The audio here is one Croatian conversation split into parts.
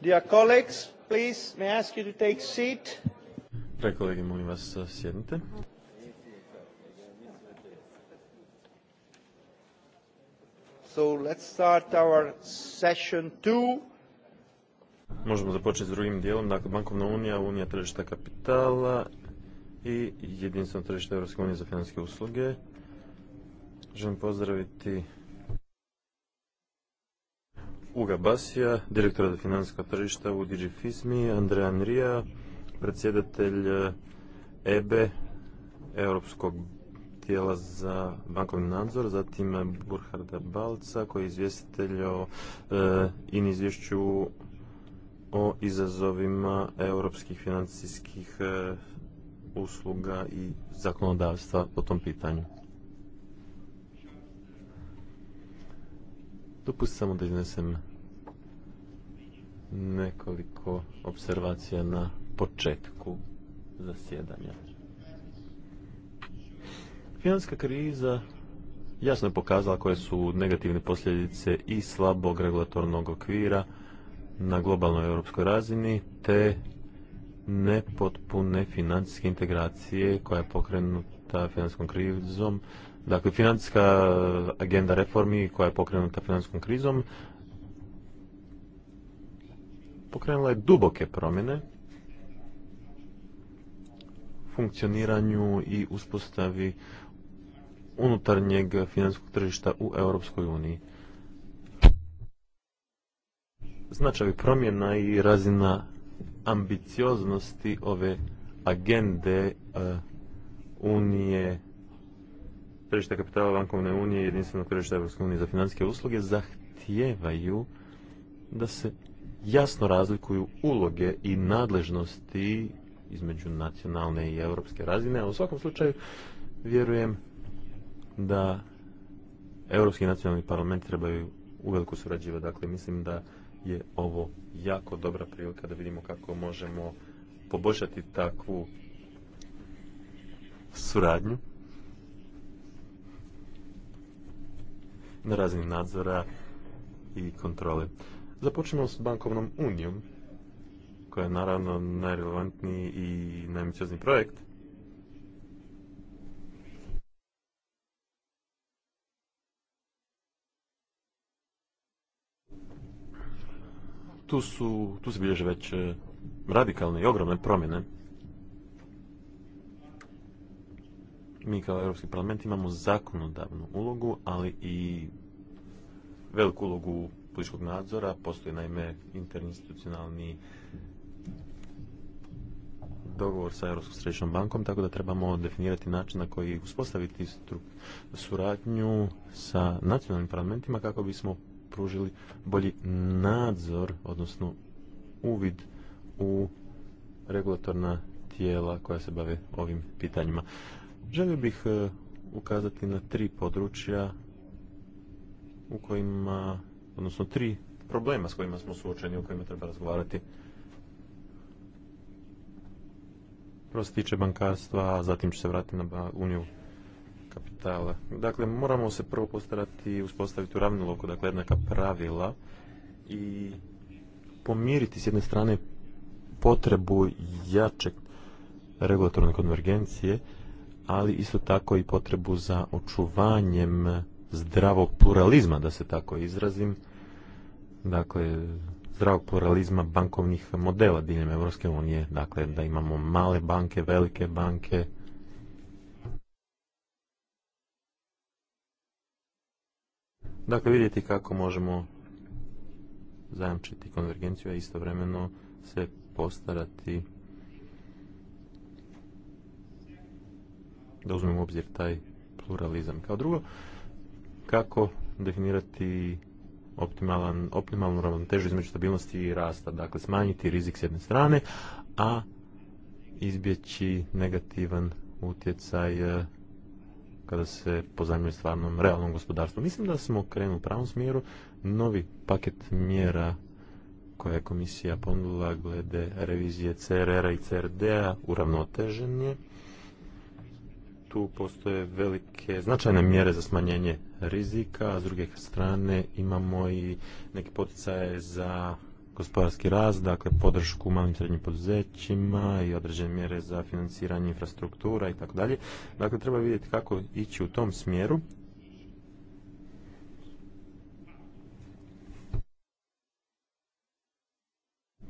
Dear colleagues, please, may I ask you to take seat? Pre kolege, molim vas, sjednite. So let's start our session two. Možemo započeti s drugim dijelom, dakle bankovna unija, unija tržišta kapitala i jedinstveno tržište Europske unije za financijske usluge. Želim pozdraviti Uga Basija, direktora za financijska tržišta u Digifismi, Andreja Andrija, predsjedatelj EBE, eh, Europskog tijela za bankovni nadzor, zatim Burharda Balca koji je izvjestitelj o eh, izvješću o izazovima europskih financijskih eh, usluga i zakonodavstva po tom pitanju. Dopustite samo da iznesem nekoliko observacija na početku zasjedanja. Finanska kriza jasno je pokazala koje su negativne posljedice i slabog regulatornog okvira na globalnoj europskoj razini te nepotpune financijske integracije koja je pokrenuta financijskom krizom. Dakle, financijska agenda reformi koja je pokrenuta financijskom krizom pokrenula je duboke promjene funkcioniranju i uspostavi unutarnjeg financijskog tržišta u Europskoj uniji. Značavi promjena i razina ambicioznosti ove agende e, Unije tržišta kapitala bankovne unije i jedinstvenog tržišta Europske unije za financijske usluge zahtijevaju da se jasno razlikuju uloge i nadležnosti između nacionalne i europske razine, a u svakom slučaju vjerujem da europski nacionalni parlament trebaju uveliko surađivati. Dakle, mislim da je ovo jako dobra prilika da vidimo kako možemo poboljšati takvu suradnju na razini nadzora i kontrole. Započnemo s bankovnom unijom, koja je naravno najrelevantniji i najambiciozni projekt. Tu, tu se bilježe već e, radikalne i ogromne promjene. Mi kao Europski parlament imamo zakonodavnu ulogu, ali i veliku ulogu političkog nadzora, postoji naime interinstitucionalni dogovor sa Europskom središnjom bankom, tako da trebamo definirati način na koji uspostaviti suradnju sa nacionalnim parlamentima kako bismo pružili bolji nadzor, odnosno uvid u regulatorna tijela koja se bave ovim pitanjima. Želio bih e, ukazati na tri područja u kojima odnosno tri problema s kojima smo suočeni, o kojima treba razgovarati. Prvo se tiče bankarstva, a zatim će se vratiti na uniju kapitala. Dakle, moramo se prvo postarati uspostaviti u ravniloku, dakle, jednaka pravila i pomiriti s jedne strane potrebu jačeg regulatorne konvergencije, ali isto tako i potrebu za očuvanjem zdravog pluralizma, da se tako izrazim, dakle, zdravog pluralizma bankovnih modela diljem Evropske unije, dakle, da imamo male banke, velike banke, Dakle, vidjeti kako možemo zajamčiti konvergenciju, a istovremeno se postarati da uzmemo u obzir taj pluralizam. Kao drugo, kako definirati optimalan, optimalnu ravnotežu između stabilnosti i rasta. Dakle, smanjiti rizik s jedne strane, a izbjeći negativan utjecaj eh, kada se pozajmljuje stvarnom realnom gospodarstvu. Mislim da smo krenuli u pravom smjeru. Novi paket mjera koje je komisija ponudila glede revizije CRR-a i CRD-a uravnotežen je tu postoje velike, značajne mjere za smanjenje rizika, s druge strane imamo i neke poticaje za gospodarski rast, dakle podršku malim i srednjim poduzećima i određene mjere za financiranje infrastruktura i tako dalje. Dakle, treba vidjeti kako ići u tom smjeru.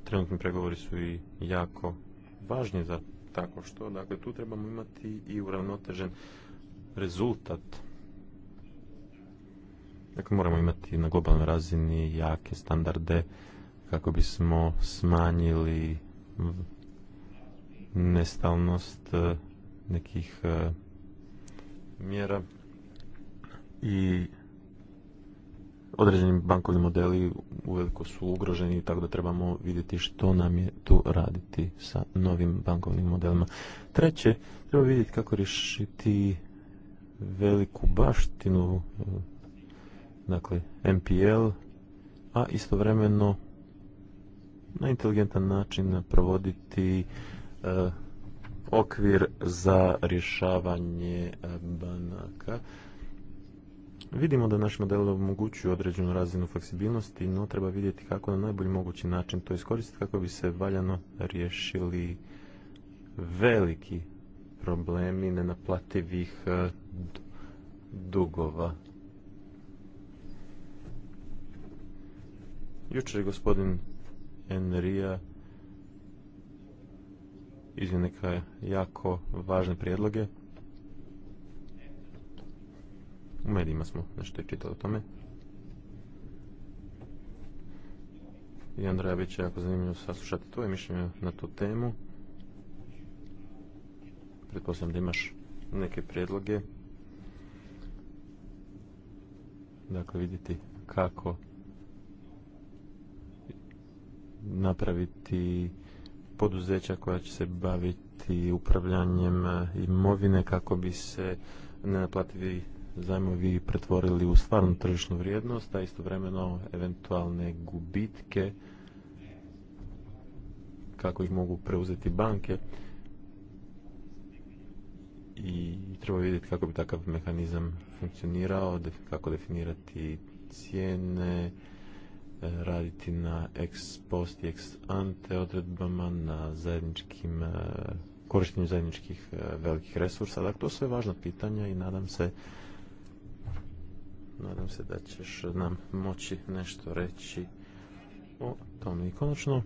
Trenutni pregovori su i jako važni za tako što. Dakle, tu trebamo imati i uravnotežen rezultat. Dakle, moramo imati na globalnoj razini jake standarde kako bismo smanjili nestalnost e, nekih e, mjera i određeni bankovni modeli uveliko su ugroženi, tako da trebamo vidjeti što nam je tu raditi sa novim bankovnim modelima. Treće, treba vidjeti kako rješiti veliku baštinu, e, dakle MPL, a istovremeno na inteligentan način provoditi e, okvir za rješavanje e, banaka Vidimo da naš model omogućuje određenu razinu fleksibilnosti, no treba vidjeti kako na najbolji mogući način to iskoristiti kako bi se valjano riješili veliki problemi nenaplativih e, dugova. Jučer je gospodin Enrija iznio neke jako važne prijedloge U medijima smo nešto čitali o tome. I Andraja bit će jako zanimljivo saslušati tvoje mišljenje na tu temu. Pretpostavljam da imaš neke prijedloge. Dakle, vidjeti kako napraviti poduzeća koja će se baviti upravljanjem imovine kako bi se nenaplativi zajmovi pretvorili u stvarnu tržišnu vrijednost, a istovremeno eventualne gubitke kako ih mogu preuzeti banke i treba vidjeti kako bi takav mehanizam funkcionirao, kako definirati cijene, e, raditi na ex post i ex ante odredbama, na zajedničkim e, korištenju zajedničkih e, velikih resursa. Dakle, to su sve važna pitanja i nadam se Nadam se da ćeš nam moći nešto reći o tome. I konačno,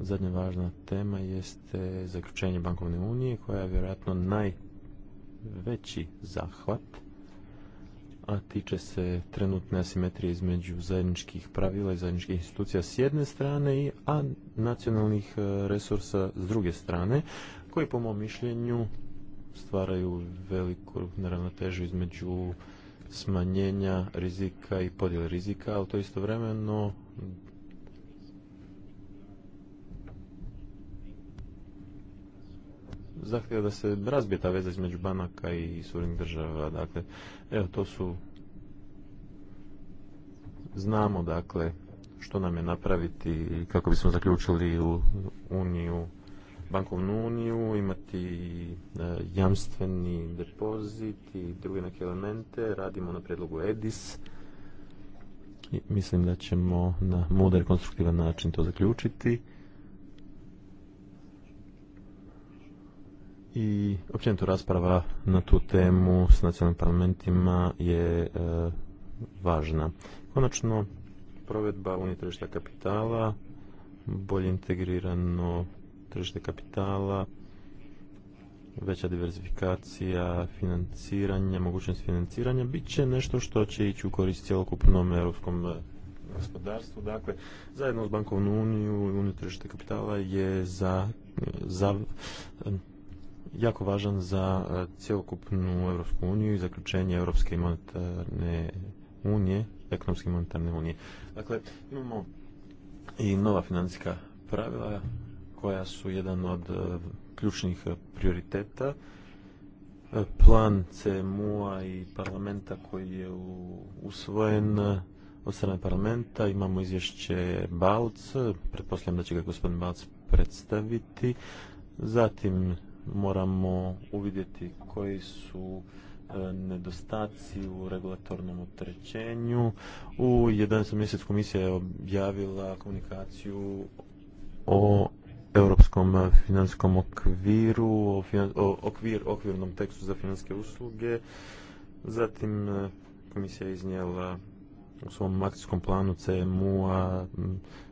zadnja važna tema jeste zaključenje bankovne unije koja je vjerojatno najveći zahvat a tiče se trenutne asimetrije između zajedničkih pravila i zajedničkih institucija s jedne strane, a nacionalnih e, resursa s druge strane, koji po mom mišljenju stvaraju veliku neravnotežu između smanjenja rizika i podjele rizika, ali to istovremeno zahtjeva da se razbije ta veza između banaka i surim država. Dakle, evo to su znamo dakle što nam je napraviti i kako bismo zaključili u uniju bankovnu uniju, imati e, jamstveni depozit i druge neke elemente. Radimo na predlogu EDIS. I mislim da ćemo na modern konstruktivan način to zaključiti. I općenito rasprava na tu temu s nacionalnim parlamentima je e, važna. Konačno, provedba unitrešta kapitala, bolje integrirano tržište kapitala, veća diversifikacija financiranje, mogućnost financiranja, bit će nešto što će ići u korist cjelokupnom europskom eh, gospodarstvu. Dakle, zajedno s bankovnu uniju i uniju tržište kapitala je za, za jako važan za eh, cjelokupnu Europsku uniju i zaključenje Europske monetarne unije, ekonomske monetarne unije. Dakle, imamo i nova financijska pravila koja su jedan od e, ključnih e, prioriteta. E, plan CMU-a i parlamenta koji je usvojen od strane parlamenta. Imamo izvješće Balc, pretpostavljam da će ga gospodin Balc predstaviti. Zatim moramo uvidjeti koji su nedostaci u regulatornom utrećenju. U 11. mjesecu komisija je objavila komunikaciju o europskom eh, financijskom okviru, o, okvir, okvirnom tekstu za financijske usluge. Zatim eh, komisija je iznijela u svom akcijskom planu CMU-a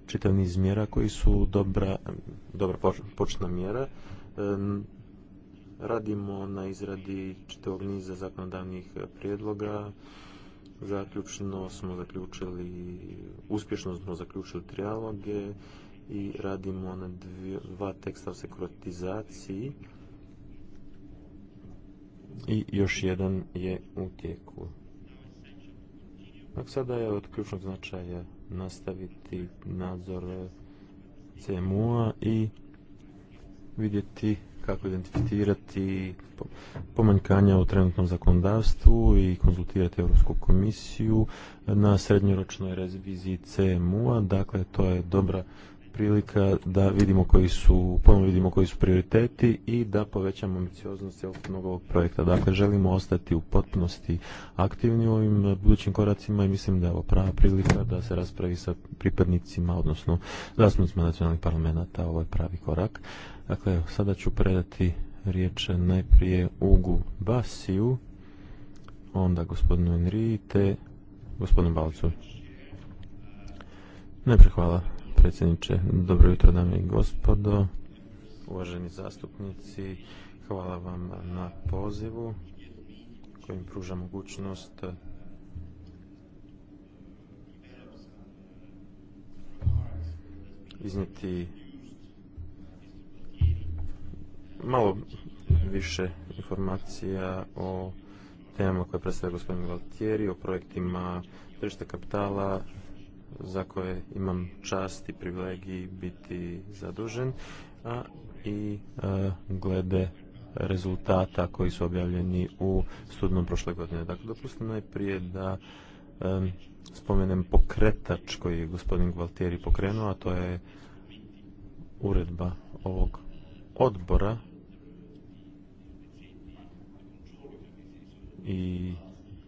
čitav niz mjera koji su dobra, dobra početna mjera. Eh, radimo na izradi čitavog niza zakonodavnih prijedloga. Zaključno smo zaključili, uspješno smo zaključili trijaloge i radimo na dva teksta o sekuratizaciji i još jedan je u tijeku. Dakle, sada je od ključnog značaja nastaviti nadzor CMU-a i vidjeti kako identificirati pomanjkanja u trenutnom zakonodavstvu i konzultirati Europsku komisiju na srednjoročnoj reviziji CMU-a. Dakle, to je dobra prilika da vidimo koji su, ponovno vidimo koji su prioriteti i da povećamo ambicioznost cjelokupnog ovog projekta. Dakle, želimo ostati u potpunosti aktivni u ovim budućim koracima i mislim da je ovo prava prilika da se raspravi sa pripadnicima, odnosno zastupnicima nacionalnih parlamenta, ovo je pravi korak. Dakle, sada ću predati riječ najprije Ugu Basiju, onda gospodinu Enri gospodinu Balcu. Najprije hvala predsjedniče. Dobro jutro, dame i gospodo, uvaženi zastupnici. Hvala vam na pozivu kojim pruža mogućnost iznijeti malo više informacija o temama koje predstavlja gospodin Valtieri, o projektima tržišta kapitala, za koje imam čast i privilegiji biti zadužen, a i e, glede rezultata koji su objavljeni u studnom prošle godine. Dakle, dopustite najprije da e, spomenem pokretač koji je gospodin Gvaltieri pokrenuo, a to je uredba ovog odbora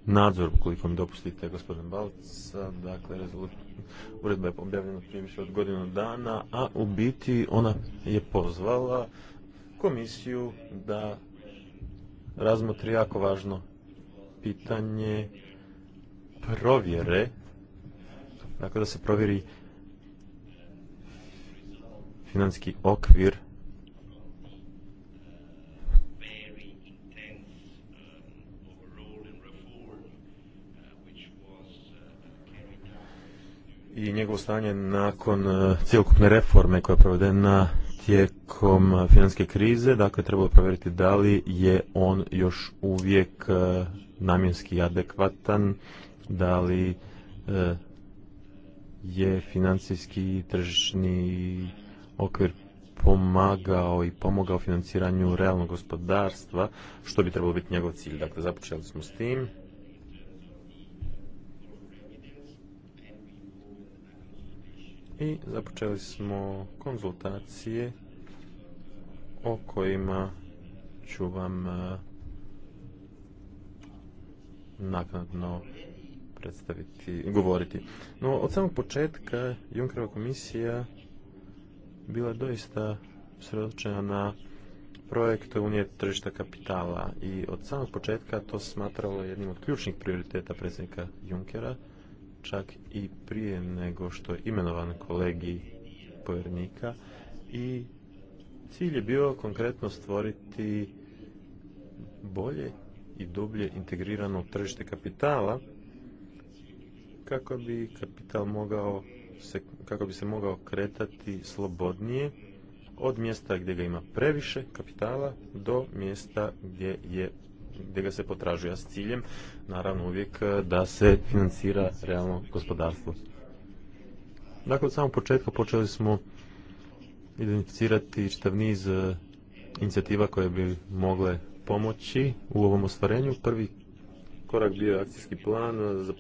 nadzor, koliko mi dopustite, gospodin Balca. Dakle, uredba je objavljena prije više od godinu dana, a u biti ona je pozvala komisiju da razmotri jako važno pitanje provjere, dakle da se provjeri financijski okvir i njegovo stanje nakon e, cjelokupne reforme koja je provedena tijekom financijske krize, dakle trebalo provjeriti da li je on još uvijek e, namjenski adekvatan, da li e, je financijski tržišni okvir pomagao i pomogao financiranju realnog gospodarstva, što bi trebalo biti njegov cilj. Dakle, započeli smo s tim. i započeli smo konzultacije o kojima ću vam e, naknadno predstaviti, govoriti. No, od samog početka Junkerova komisija bila doista sredočena na projekt Unije tržišta kapitala i od samog početka to smatralo jednim od ključnih prioriteta predsjednika Junkera čak i prije nego što je imenovan kolegi povjernika i cilj je bio konkretno stvoriti bolje i dublje integrirano tržište kapitala kako bi kapital mogao se, kako bi se mogao kretati slobodnije od mjesta gdje ga ima previše kapitala do mjesta gdje je gdje ga se potražuje s ciljem, naravno uvijek e, da se financira realno gospodarstvo. Dakle, od samog početka počeli smo identificirati čitav niz e, inicijativa koje bi mogle pomoći u ovom ostvarenju. Prvi korak bio je akcijski plan za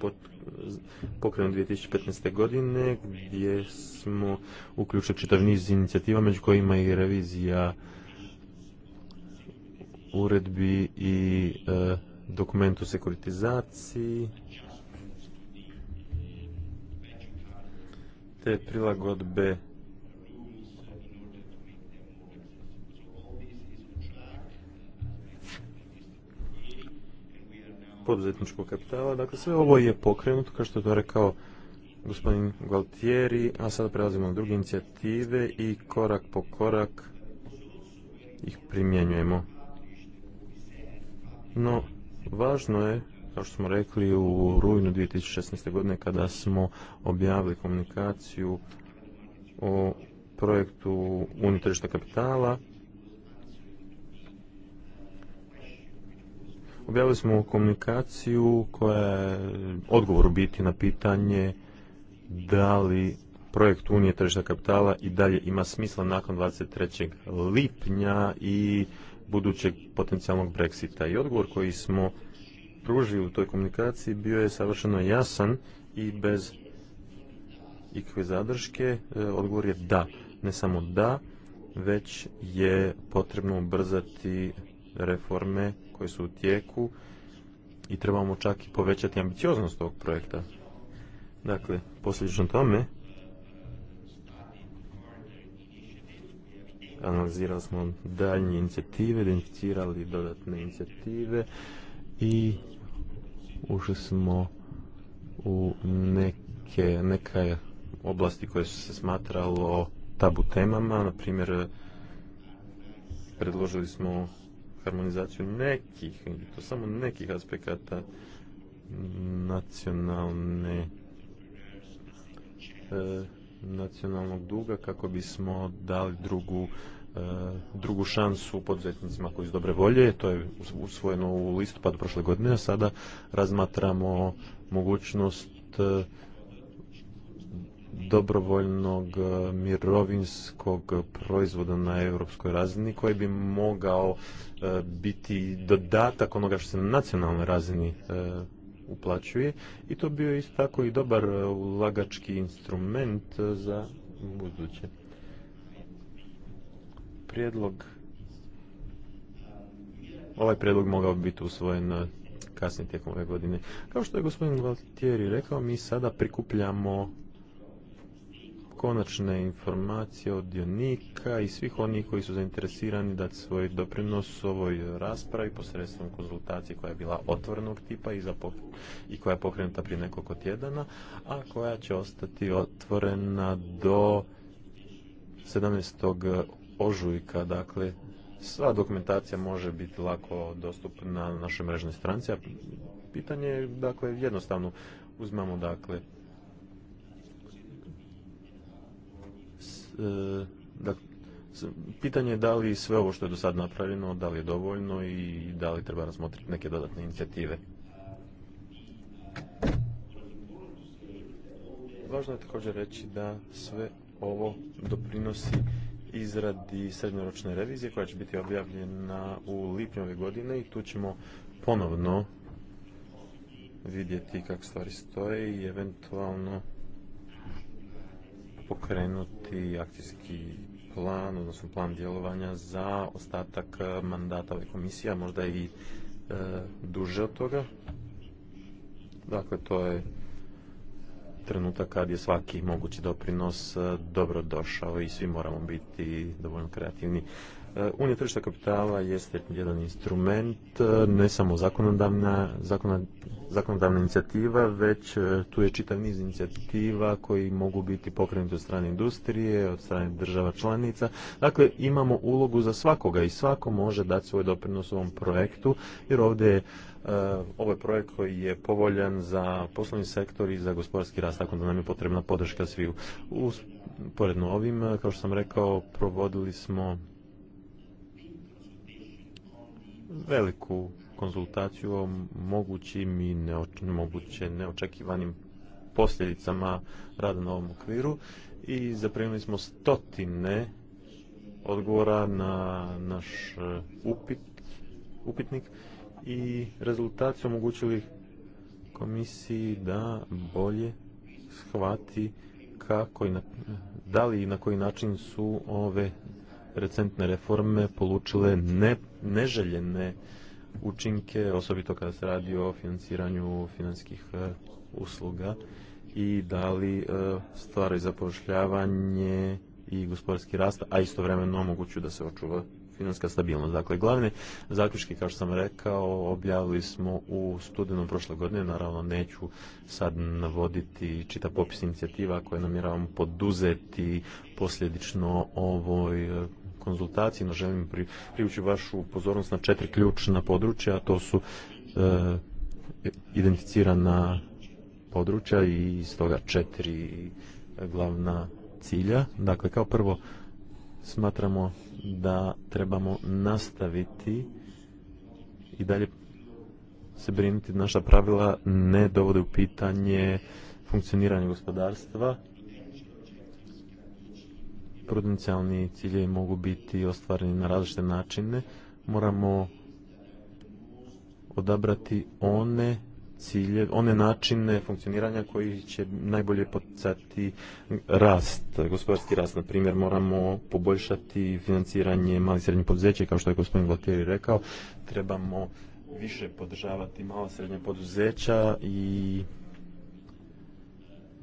pokrenut 2015. godine gdje smo uključili čitav niz inicijativa među kojima i revizija uredbi i e, dokumentu sekuritizaciji te prilagodbe poduzetničkog kapitala. Dakle, sve ovo je pokrenuto, kao što je to rekao gospodin Gualtieri, a sada prelazimo na druge inicijative i korak po korak ih primjenjujemo. No, važno je, kao što smo rekli u rujnu 2016. godine kada smo objavili komunikaciju o projektu unitržišta kapitala, Objavili smo komunikaciju koja je odgovor u biti na pitanje da li projekt Unije tržišta kapitala i dalje ima smisla nakon 23. lipnja i budućeg potencijalnog Brexita. I odgovor koji smo pružili u toj komunikaciji bio je savršeno jasan i bez ikakve zadrške. E, odgovor je da. Ne samo da, već je potrebno ubrzati reforme koje su u tijeku i trebamo čak i povećati ambicioznost tog projekta. Dakle, posljedično tome, analizirali smo daljnje inicijative, identificirali dodatne inicijative i ušli smo u neke, oblasti koje su se smatralo tabu temama, na primjer predložili smo harmonizaciju nekih, to samo nekih aspekata nacionalne e, nacionalnog duga kako bismo dali drugu e, drugu šansu poduzetnicima koji su dobre volje. To je usvojeno u listopadu prošle godine, a sada razmatramo mogućnost e, dobrovoljnog e, mirovinskog proizvoda na europskoj razini koji bi mogao biti dodatak onoga što se na nacionalnoj razini uplaćuje i to bio isto tako i dobar e, ulagački instrument e, za buduće. Prijedlog ovaj prijedlog mogao biti usvojen e, kasnije tijekom ove godine. Kao što je gospodin Valtieri rekao, mi sada prikupljamo konačne informacije od dionika i svih onih koji su zainteresirani dati svoj doprinos ovoj raspravi posredstvom konzultacije koja je bila otvorenog tipa i, i koja je pokrenuta prije nekoliko tjedana, a koja će ostati otvorena do 17. ožujka, dakle sva dokumentacija može biti lako dostupna na našoj mrežnoj stranci, a pitanje je dakle jednostavno uzmamo, dakle E, pitanje je da li sve ovo što je do sad napravljeno, da li je dovoljno i da li treba razmotriti neke dodatne inicijative. Važno je također reći da sve ovo doprinosi izradi srednjoročne revizije koja će biti objavljena u lipnju ove godine i tu ćemo ponovno vidjeti kako stvari stoje i eventualno pokrenuti akcijski plan, odnosno plan djelovanja za ostatak e, mandata ove komisije, a možda i e, duže od toga. Dakle, to je trenutak kad je svaki mogući doprinos e, dobro došao i svi moramo biti dovoljno kreativni. Uh, Unija tržišta kapitala jeste jedan instrument, uh, ne samo zakonodavna, zakonodavna inicijativa, već uh, tu je čitav niz inicijativa koji mogu biti pokrenuti od strane industrije, od strane država članica. Dakle, imamo ulogu za svakoga i svako može dati svoj doprinos ovom projektu, jer ovdje je ovaj projekt koji je povoljan za poslovni sektor i za gospodarski rast, tako da nam je potrebna podrška sviju. poredno ovim, kao što sam rekao, provodili smo veliku konzultaciju o mogućim i neoč moguće neočekivanim posljedicama rada na ovom okviru i zaprimili smo stotine odgovora na naš eh, upit, upitnik i rezultati su omogućili komisiji da bolje shvati kako i na, da li i na koji način su ove recentne reforme polučile ne, neželjene učinke, osobito kada se radi o financiranju financijskih e, usluga i da li za e, zapošljavanje i gospodarski rast, a istovremeno omogućuju da se očuva finanska stabilnost. Dakle, glavne zaključke, kao što sam rekao, objavili smo u studenom prošle godine. Naravno, neću sad navoditi čita popis inicijativa koje namjeravamo poduzeti posljedično ovoj e, konzultaciji, no želim privući vašu pozornost na četiri ključna područja, a to su e, identificirana područja i stoga četiri glavna cilja. Dakle, kao prvo smatramo da trebamo nastaviti i dalje se brinuti da naša pravila ne dovode u pitanje funkcioniranje gospodarstva prudencijalni ciljevi mogu biti ostvareni na različite načine, moramo odabrati one cilje, one načine funkcioniranja koji će najbolje poticati rast, gospodarski rast. Na primjer, moramo poboljšati financiranje malih srednjih poduzeća, kao što je gospodin Valtieri rekao. Trebamo više podržavati mala srednja poduzeća i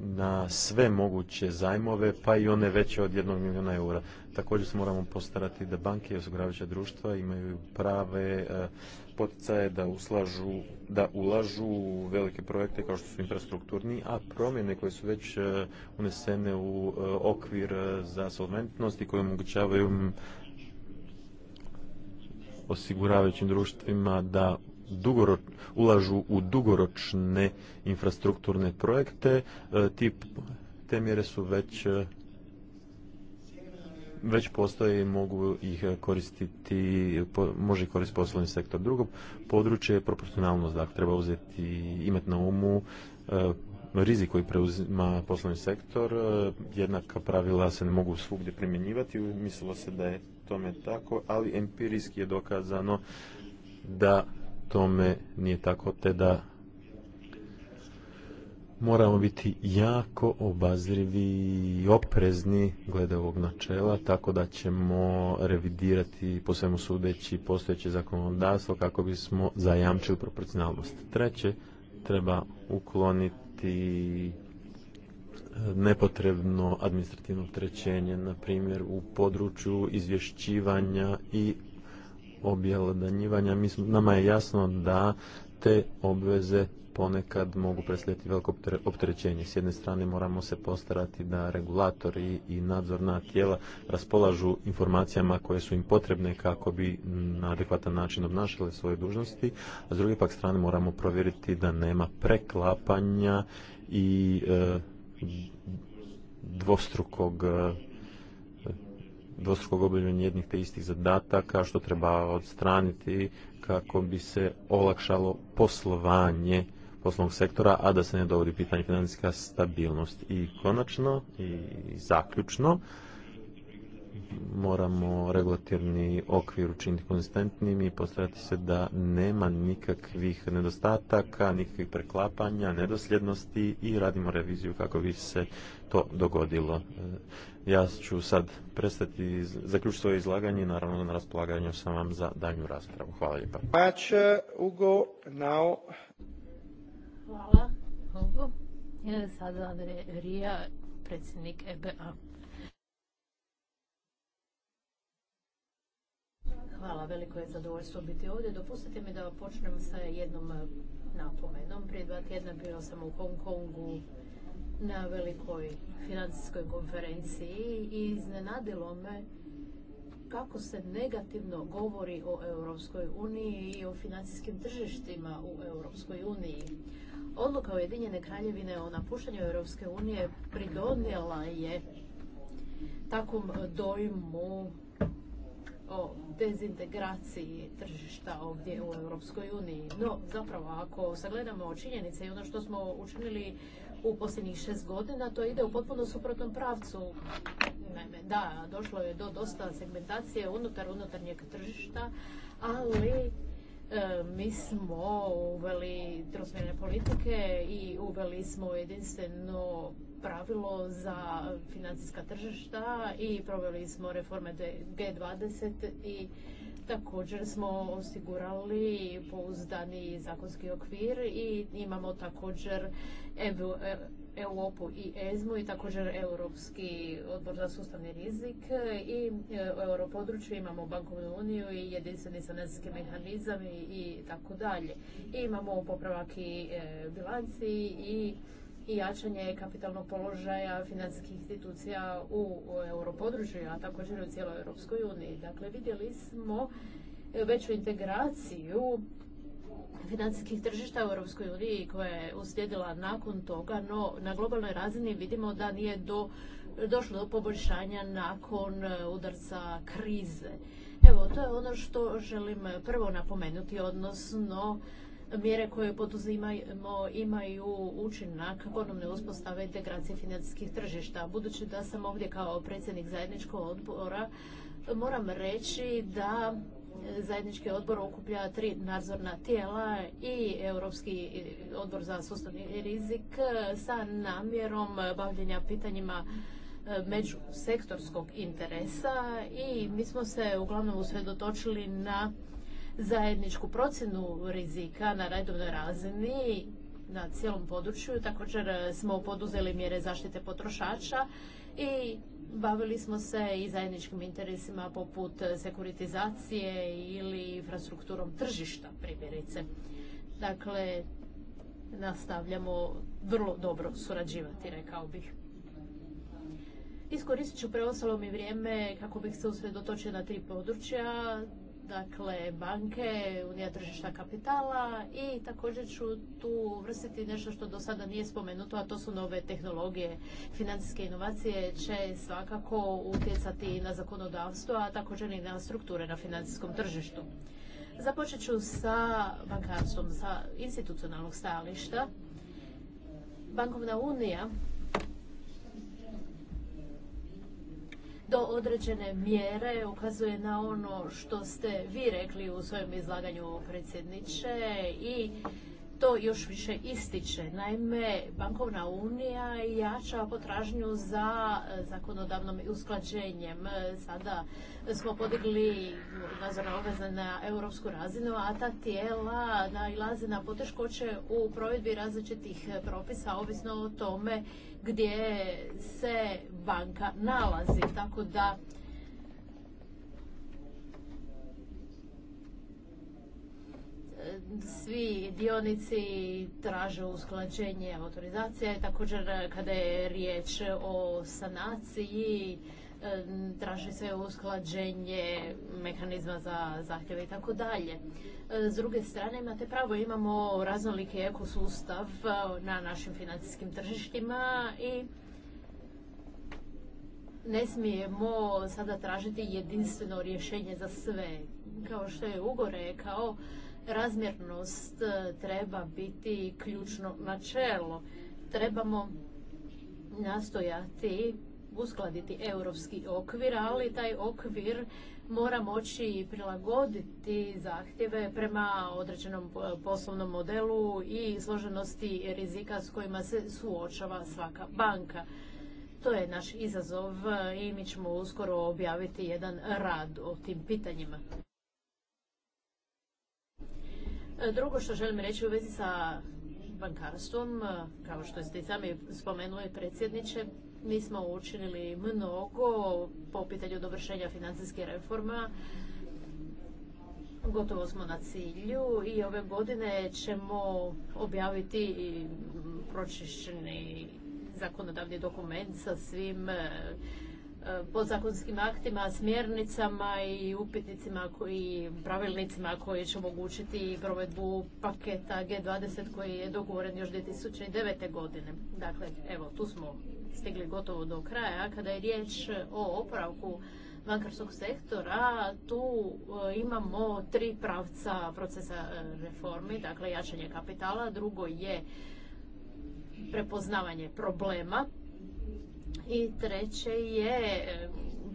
na sve moguće zajmove, pa i one veće od jednog milijuna eura. Također se moramo postarati da banke i osiguravajuća društva imaju prave e, poticaje da, uslažu, da ulažu u velike projekte kao što su infrastrukturni, a promjene koje su već e, unesene u e, okvir za solventnost i koje omogućavaju osiguravajućim društvima da dugoroč, ulažu u dugoročne infrastrukturne projekte. E, tip te mjere su već e, već postoje i mogu ih koristiti, može koristiti poslovni sektor. Drugo područje je proporcionalnost, dakle treba uzeti, imati na umu e, rizik koji preuzima poslovni sektor, jednaka pravila se ne mogu svugdje primjenjivati, mislilo se da je tome tako, ali empirijski je dokazano da tome nije tako, te da moramo biti jako obazrivi i oprezni glede ovog načela, tako da ćemo revidirati po svemu sudeći postojeće zakonodavstvo kako bismo zajamčili proporcionalnost. Treće, treba ukloniti eh, nepotrebno administrativno trećenje, na primjer u području izvješćivanja i objelodanjivanja, nama je jasno da te obveze ponekad mogu predstavljati veliko opterećenje. S jedne strane moramo se postarati da regulatori i nadzorna tijela raspolažu informacijama koje su im potrebne kako bi na adekvatan način obnašale svoje dužnosti, a s druge pak strane moramo provjeriti da nema preklapanja i e, dvostrukog e, dvostrukog obavljanja jednih te istih zadataka što treba odstraniti kako bi se olakšalo poslovanje poslovnog sektora, a da se ne dovodi pitanje financijska stabilnost. I konačno i zaključno, moramo regulatorni okvir učiniti konzistentnim i postaviti se da nema nikakvih nedostataka, nikakvih preklapanja, nedosljednosti i radimo reviziju kako bi se to dogodilo. E, ja ću sad prestati zaključiti svoje izlaganje i naravno na raspolaganju sam vam za danju raspravu. Hvala lijepa. Ugo, now. Hvala, Ugo. E, predsjednik EBA. Hvala, veliko je zadovoljstvo biti ovdje. Dopustite mi da počnem sa jednom e, napomenom. Prije dva tjedna bila sam u Hong Kongu na velikoj financijskoj konferenciji i iznenadilo me kako se negativno govori o Europskoj uniji i o financijskim tržištima u Europskoj uniji. Odluka Ujedinjene kraljevine o napuštanju Europske unije pridonijela je takvom dojmu o dezintegraciji tržišta ovdje u Europskoj uniji. No, zapravo, ako sagledamo činjenice i ono što smo učinili u posljednjih šest godina, to ide u potpuno suprotnom pravcu. Naime, da, došlo je do dosta segmentacije unutar unutarnjeg tržišta, ali e, mi smo uveli trosmjerne politike i uveli smo jedinstveno pravilo za financijska tržišta i proveli smo reforme G20 i također smo osigurali pouzdani zakonski okvir i imamo također e- EU, i ezmu i također Europski odbor za sustavni rizik i e, u europodručju imamo bankovnu uniju i jedinstveni sanacijski mehanizam i, tako dalje. imamo popravak i e, bilanci i i jačanje kapitalnog položaja financijskih institucija u europodružju, a također u cijeloj Europskoj uniji. Dakle, vidjeli smo e, veću integraciju financijskih tržišta u Europskoj uniji koja je uslijedila nakon toga, no na globalnoj razini vidimo da nije do, došlo do poboljšanja nakon e, udarca krize. Evo, to je ono što želim prvo napomenuti, odnosno mjere koje poduzimamo imaju učinak ponovne uspostave integracije financijskih tržišta. Budući da sam ovdje kao predsjednik zajedničkog odbora, moram reći da e, zajednički odbor okuplja tri nadzorna tijela i Europski e, odbor za sustavni rizik e, sa namjerom bavljenja pitanjima međusektorskog interesa i mi smo se uglavnom usredotočili na zajedničku procjenu rizika na redovnoj razini na cijelom području. Također e, smo poduzeli mjere zaštite potrošača i bavili smo se i zajedničkim interesima poput sekuritizacije ili infrastrukturom tržišta primjerice. Dakle, nastavljamo vrlo dobro surađivati, rekao bih. Iskoristit ću preostalo mi vrijeme kako bih se usredotočila na tri područja dakle banke, unija tržišta kapitala i također ću tu uvrstiti nešto što do sada nije spomenuto, a to su nove tehnologije. Financijske inovacije će svakako utjecati na zakonodavstvo, a također i na strukture na financijskom tržištu. Započet ću sa bankarstvom, sa institucionalnog stajališta. Bankovna unija do određene mjere ukazuje na ono što ste vi rekli u svojem izlaganju predsjedniče i to još više ističe. Naime, Bankovna unija jača potražnju za e, zakonodavnom usklađenjem. E, Sada smo podigli nazorne obveze na europsku razinu, a ta tijela nailaze na poteškoće u provedbi različitih propisa, ovisno o tome gdje se banka nalazi. Tako da svi dionici traže usklađenje autorizacija također kada je riječ o sanaciji e, traži se usklađenje mehanizma za zahtjeve i tako dalje. E, s druge strane imate pravo, imamo raznoliki ekosustav e, na našim financijskim tržištima i ne smijemo sada tražiti jedinstveno rješenje za sve. Kao što je Ugo rekao, razmjernost e, treba biti ključno načelo. Trebamo nastojati uskladiti europski okvir, ali taj okvir mora moći prilagoditi zahtjeve prema određenom e, poslovnom modelu i složenosti rizika s kojima se suočava svaka banka. To je naš izazov e, i mi ćemo uskoro objaviti jedan rad o tim pitanjima. E, drugo što želim reći u vezi sa bankarstvom, e, kao što ste i sami spomenuli predsjedniče, mi smo učinili mnogo po pitanju dovršenja financijskih reforma. Gotovo smo na cilju i ove godine ćemo objaviti pročišćeni zakonodavni dokument sa svim e, E, podzakonskim aktima, smjernicama i upitnicima i pravilnicima koji će omogućiti provedbu paketa G20 koji je dogovoren još 2009. godine. Dakle, evo, tu smo stigli gotovo do kraja. Kada je riječ o opravku bankarskog sektora, tu e, imamo tri pravca procesa e, reformi, dakle jačanje kapitala, drugo je prepoznavanje problema, i treće je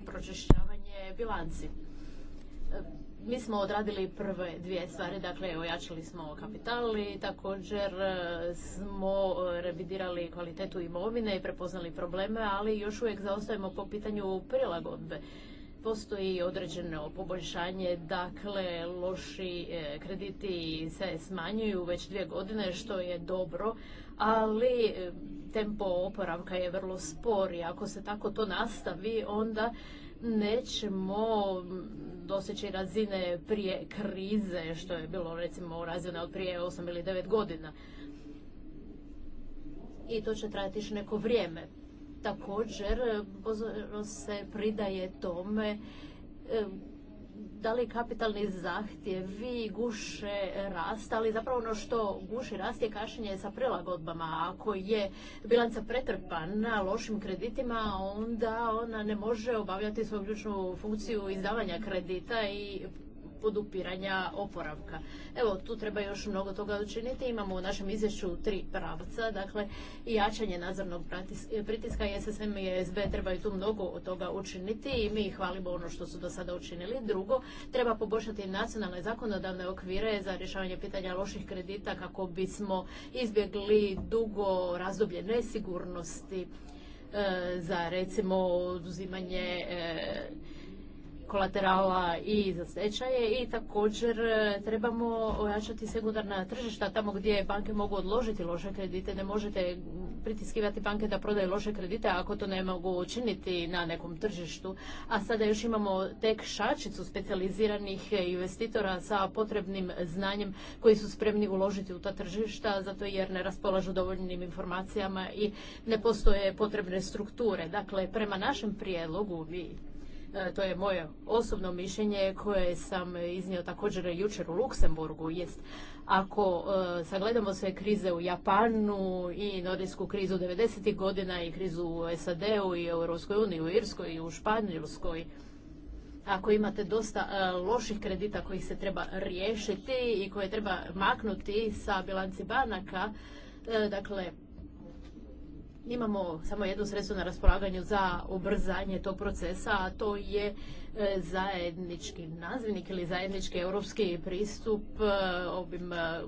pročišćavanje bilanci. Mi smo odradili prve dvije stvari, dakle ojačali smo kapital i također e, smo e, revidirali kvalitetu imovine i prepoznali probleme, ali još uvijek zaostajemo po pitanju prilagodbe. Postoji određeno poboljšanje, dakle loši e, krediti se smanjuju već dvije godine, što je dobro, ali e, tempo oporavka je vrlo spor i ako se tako to nastavi, onda nećemo doseći razine prije krize, što je bilo recimo razine od prije 8 ili 9 godina. I to će trajati još neko vrijeme. Također, e, se pridaje tome e, da li kapitalni vi guše rast, ali zapravo ono što guši rast je kašenje sa prilagodbama. Ako je bilanca pretrpana lošim kreditima, onda ona ne može obavljati svoju ključnu funkciju izdavanja kredita i podupiranja oporavka. Evo, tu treba još mnogo toga učiniti. Imamo u našem izvješću tri pravca, dakle, i jačanje nadzornog pritiska i SSM i SB trebaju tu mnogo od toga učiniti i mi hvalimo ono što su do sada učinili. Drugo, treba poboljšati nacionalne zakonodavne okvire za rješavanje pitanja loših kredita kako bismo izbjegli dugo razdoblje nesigurnosti e, za recimo oduzimanje e, kolaterala i za stečaje i također e, trebamo ojačati sekundarna tržišta tamo gdje banke mogu odložiti loše kredite. Ne možete pritiskivati banke da prodaju loše kredite ako to ne mogu učiniti na nekom tržištu. A sada još imamo tek šačicu specijaliziranih investitora sa potrebnim znanjem koji su spremni uložiti u ta tržišta zato jer ne raspolažu dovoljnim informacijama i ne postoje potrebne strukture. Dakle, prema našem prijedlogu vi E, to je moje osobno mišljenje koje sam iznio također jučer u Luksemburgu, jest ako e, sagledamo sve krize u Japanu i nordijsku krizu 90. godina i krizu u SAD-u i Europskoj uniji, u Irskoj i u Španjolskoj, ako imate dosta e, loših kredita kojih se treba riješiti i koje treba maknuti sa bilanci banaka, dakle, imamo samo jedno sredstvo na raspolaganju za ubrzanje tog procesa, a to je e, zajednički nazivnik ili zajednički europski pristup e, ovim e,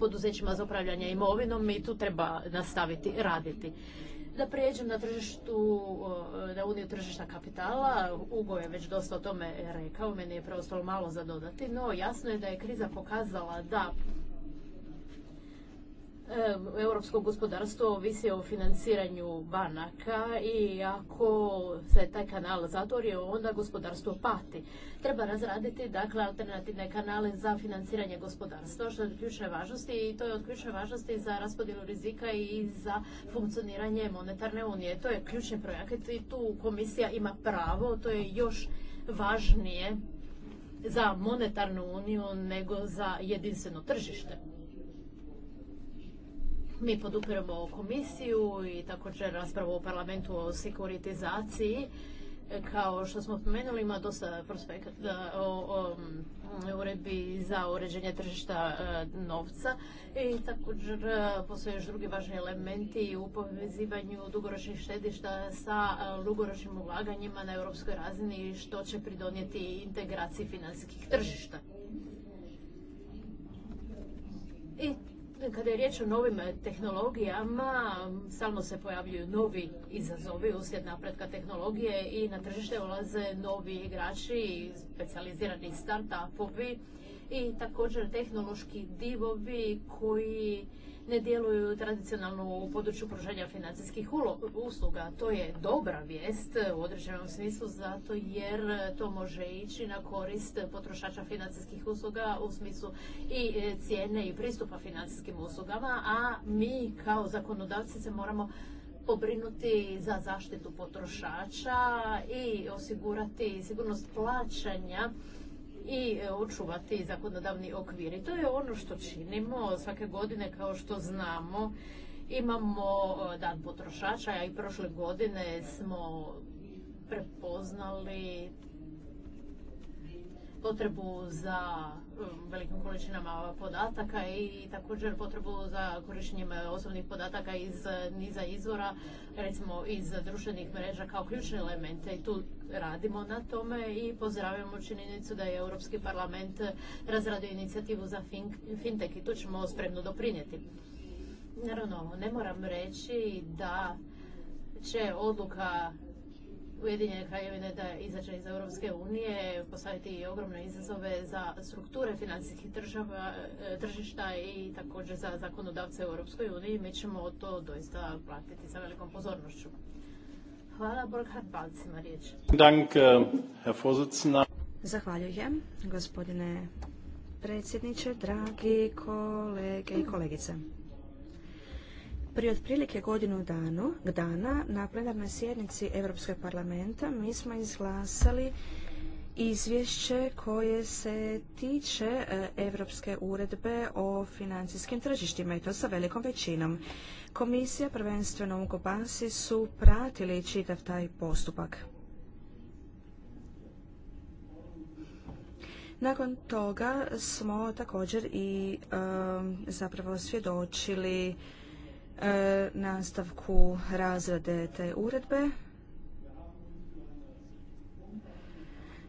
poduzećima za upravljanje imovinom i tu treba nastaviti raditi. Da prijeđem na tržištu, na uniju tržišta kapitala, Ugo je već dosta o tome rekao, meni je preostalo malo za dodati, no jasno je da je kriza pokazala da europsko gospodarstvo ovisi o financiranju banaka i ako se taj kanal zatvori, onda gospodarstvo pati. Treba razraditi dakle, alternativne kanale za financiranje gospodarstva, što je od ključne važnosti i to je od ključne važnosti za raspodjelu rizika i za funkcioniranje monetarne unije. To je ključni projekt i tu komisija ima pravo, to je još važnije za monetarnu uniju nego za jedinstveno tržište. Mi podupiramo komisiju i također raspravu u parlamentu o sekuritizaciji. E, kao što smo spomenuli, ima dosta prospekta o, mm, uredbi za uređenje tržišta e, novca i također e, postoje još drugi važni elementi u povezivanju dugoročnih štedišta sa dugoročnim ulaganjima na europskoj razini što će pridonijeti integraciji financijskih tržišta. I kada je riječ o novim e, tehnologijama, stalno se pojavljuju novi izazovi uslijed napretka tehnologije i na tržište ulaze novi igrači, specializirani start-upovi i također tehnološki divovi koji ne djeluju tradicionalno u području pružanja financijskih usluga. To je dobra vijest u određenom smislu zato jer to može ići na korist potrošača financijskih usluga u smislu i e, cijene i pristupa financijskim uslugama, a mi kao zakonodavci se moramo pobrinuti za zaštitu potrošača i osigurati sigurnost plaćanja i e, očuvati zakonodavni okvir. I to je ono što činimo svake godine kao što znamo. Imamo e, dan potrošača i prošle godine smo prepoznali potrebu za e, velikim količinama podataka i također potrebu za korištenjem osobnih podataka iz niza izvora, recimo iz društvenih mreža kao ključne elemente. I tu radimo na tome i pozdravljamo činjenicu da je Europski parlament razradio inicijativu za fintech i tu ćemo spremno doprinijeti. Naravno, ne moram reći da će odluka Ujedinjene krajevine da izađe iz Europske unije, postaviti i ogromne izazove za strukture financijskih e, tržišta i također za zakonodavce u Europskoj uniji. Mi ćemo to doista platiti sa velikom pozornošću. Hvala, eh, Zahvaljujem, gospodine predsjedniče, dragi kolege i kolegice. Prije otprilike godinu danu, dana na plenarnoj sjednici Europskog parlamenta mi smo izglasali izvješće koje se tiče eh, Europske uredbe o financijskim tržištima i to sa velikom većinom. Komisija, prvenstveno u Kopansi su pratili čitav taj postupak. Nakon toga smo također i um, zapravo svjedočili uh, nastavku razrade te uredbe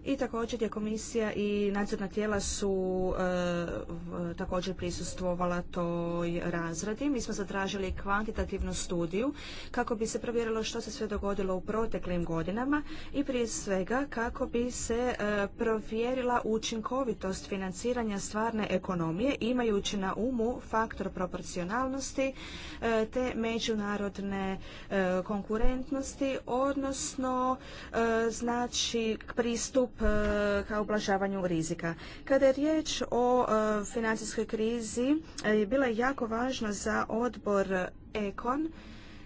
i također je komisija i nadzorna tijela su e, također prisustvovala toj razradi. Mi smo zatražili kvantitativnu studiju kako bi se provjerilo što se sve dogodilo u proteklim godinama i prije svega kako bi se e, provjerila učinkovitost financiranja stvarne ekonomije imajući na umu faktor proporcionalnosti e, te međunarodne konkurentnosti odnosno znači pristup E, ka ublažavanju rizika. Kada je riječ o e, financijskoj krizi, e, bila je jako važno za odbor Ekon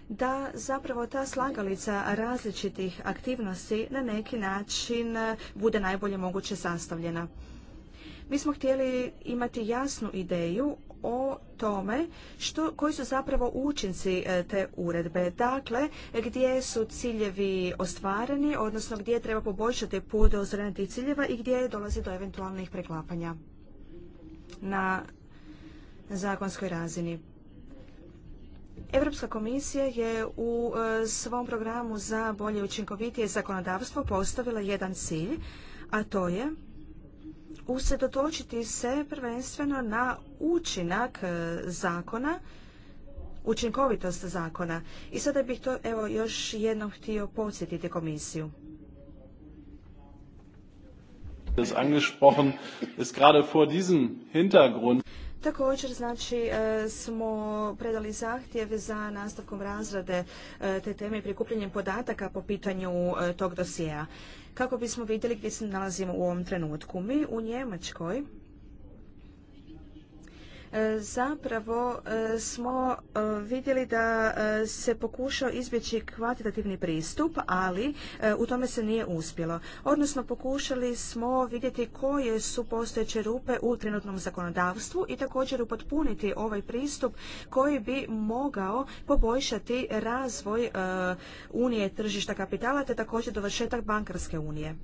da zapravo ta slagalica različitih aktivnosti na neki način bude najbolje moguće sastavljena. Mi smo htjeli imati jasnu ideju o tome što, koji su zapravo učinci e, te uredbe. Dakle, gdje su ciljevi ostvareni, odnosno gdje treba poboljšati put do ciljeva i gdje dolazi do eventualnih preklapanja na zakonskoj razini. Europska komisija je u e, svom programu za bolje učinkovitije zakonodavstvo postavila jedan cilj, a to je usredotočiti se prvenstveno na učinak e, zakona, učinkovitost zakona. I sada bih to evo još jednom htio podsjetiti komisiju. angesprochen ist gerade vor diesem Hintergrund Također znači e, smo predali zahtjev za nastavkom razrade e, te teme i prikupljenjem podataka po pitanju e, tog dosjea kako bismo vidjeli gdje se nalazimo u ovom trenutku. Mi u Njemačkoj E, zapravo e, smo e, vidjeli da se pokušao izbjeći kvantitativni pristup, ali u tome se nije uspjelo. Odnosno, pokušali smo vidjeti koje su postojeće rupe u trenutnom zakonodavstvu i također upotpuniti ovaj pristup koji bi mogao poboljšati razvoj Unije tržišta kapitala te također dovršetak bankarske unije.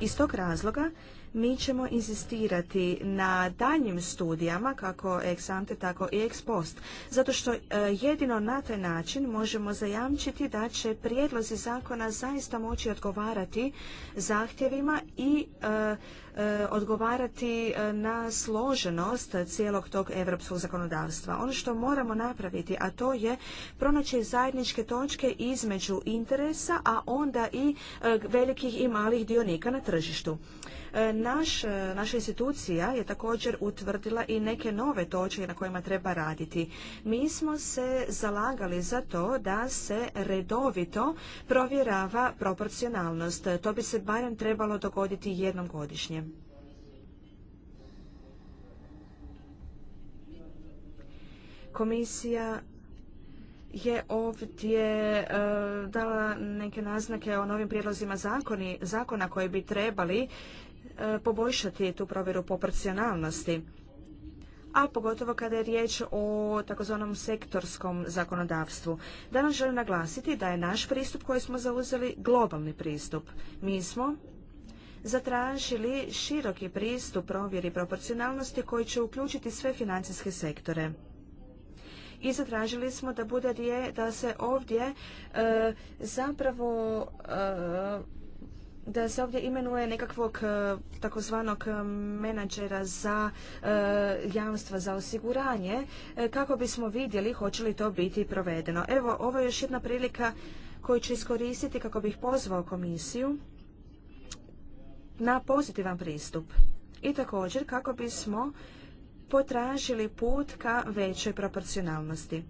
Iz tog razloga mi ćemo inzistirati na daljnjim studijama, kako ex ante, tako i ex post, zato što e, jedino na taj način možemo zajamčiti da će prijedlozi zakona zaista moći odgovarati zahtjevima i e, E, odgovarati e, na složenost cijelog tog europskog zakonodavstva. Ono što moramo napraviti, a to je pronaći zajedničke točke između interesa, a onda i e, velikih i malih dionika na tržištu. Naš, naša institucija je također utvrdila i neke nove točke na kojima treba raditi. Mi smo se zalagali za to da se redovito provjerava proporcionalnost. To bi se barem trebalo dogoditi jednom godišnje. Komisija je ovdje e, dala neke naznake o novim prijedlozima zakoni, zakona koji bi trebali e, poboljšati tu provjeru proporcionalnosti a pogotovo kada je riječ o takozvanom sektorskom zakonodavstvu. Danas želim naglasiti da je naš pristup koji smo zauzeli globalni pristup. Mi smo zatražili široki pristup provjeri proporcionalnosti koji će uključiti sve financijske sektore i zatražili smo da bude da se ovdje e, zapravo e, da se ovdje imenuje nekakvog e, takozvanog menadžera za jamstva za osiguranje kako bismo vidjeli hoće li to biti provedeno. Evo, ovo je još jedna prilika koju ću iskoristiti kako bih pozvao komisiju na pozitivan pristup i također kako bismo potražili put ka većoj proporcionalnosti.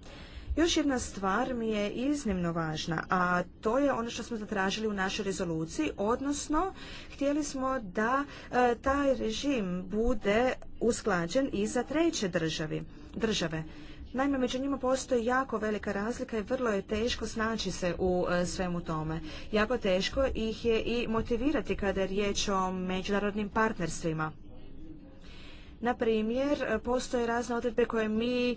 Još jedna stvar mi je iznimno važna, a to je ono što smo zatražili u našoj rezoluciji, odnosno htjeli smo da e, taj režim bude usklađen i za treće državi, države. Naime, među njima postoji jako velika razlika i vrlo je teško snaći se u e, svemu tome. Jako teško ih je i motivirati kada je riječ o međunarodnim partnerstvima na primjer, postoje razne odredbe koje mi e,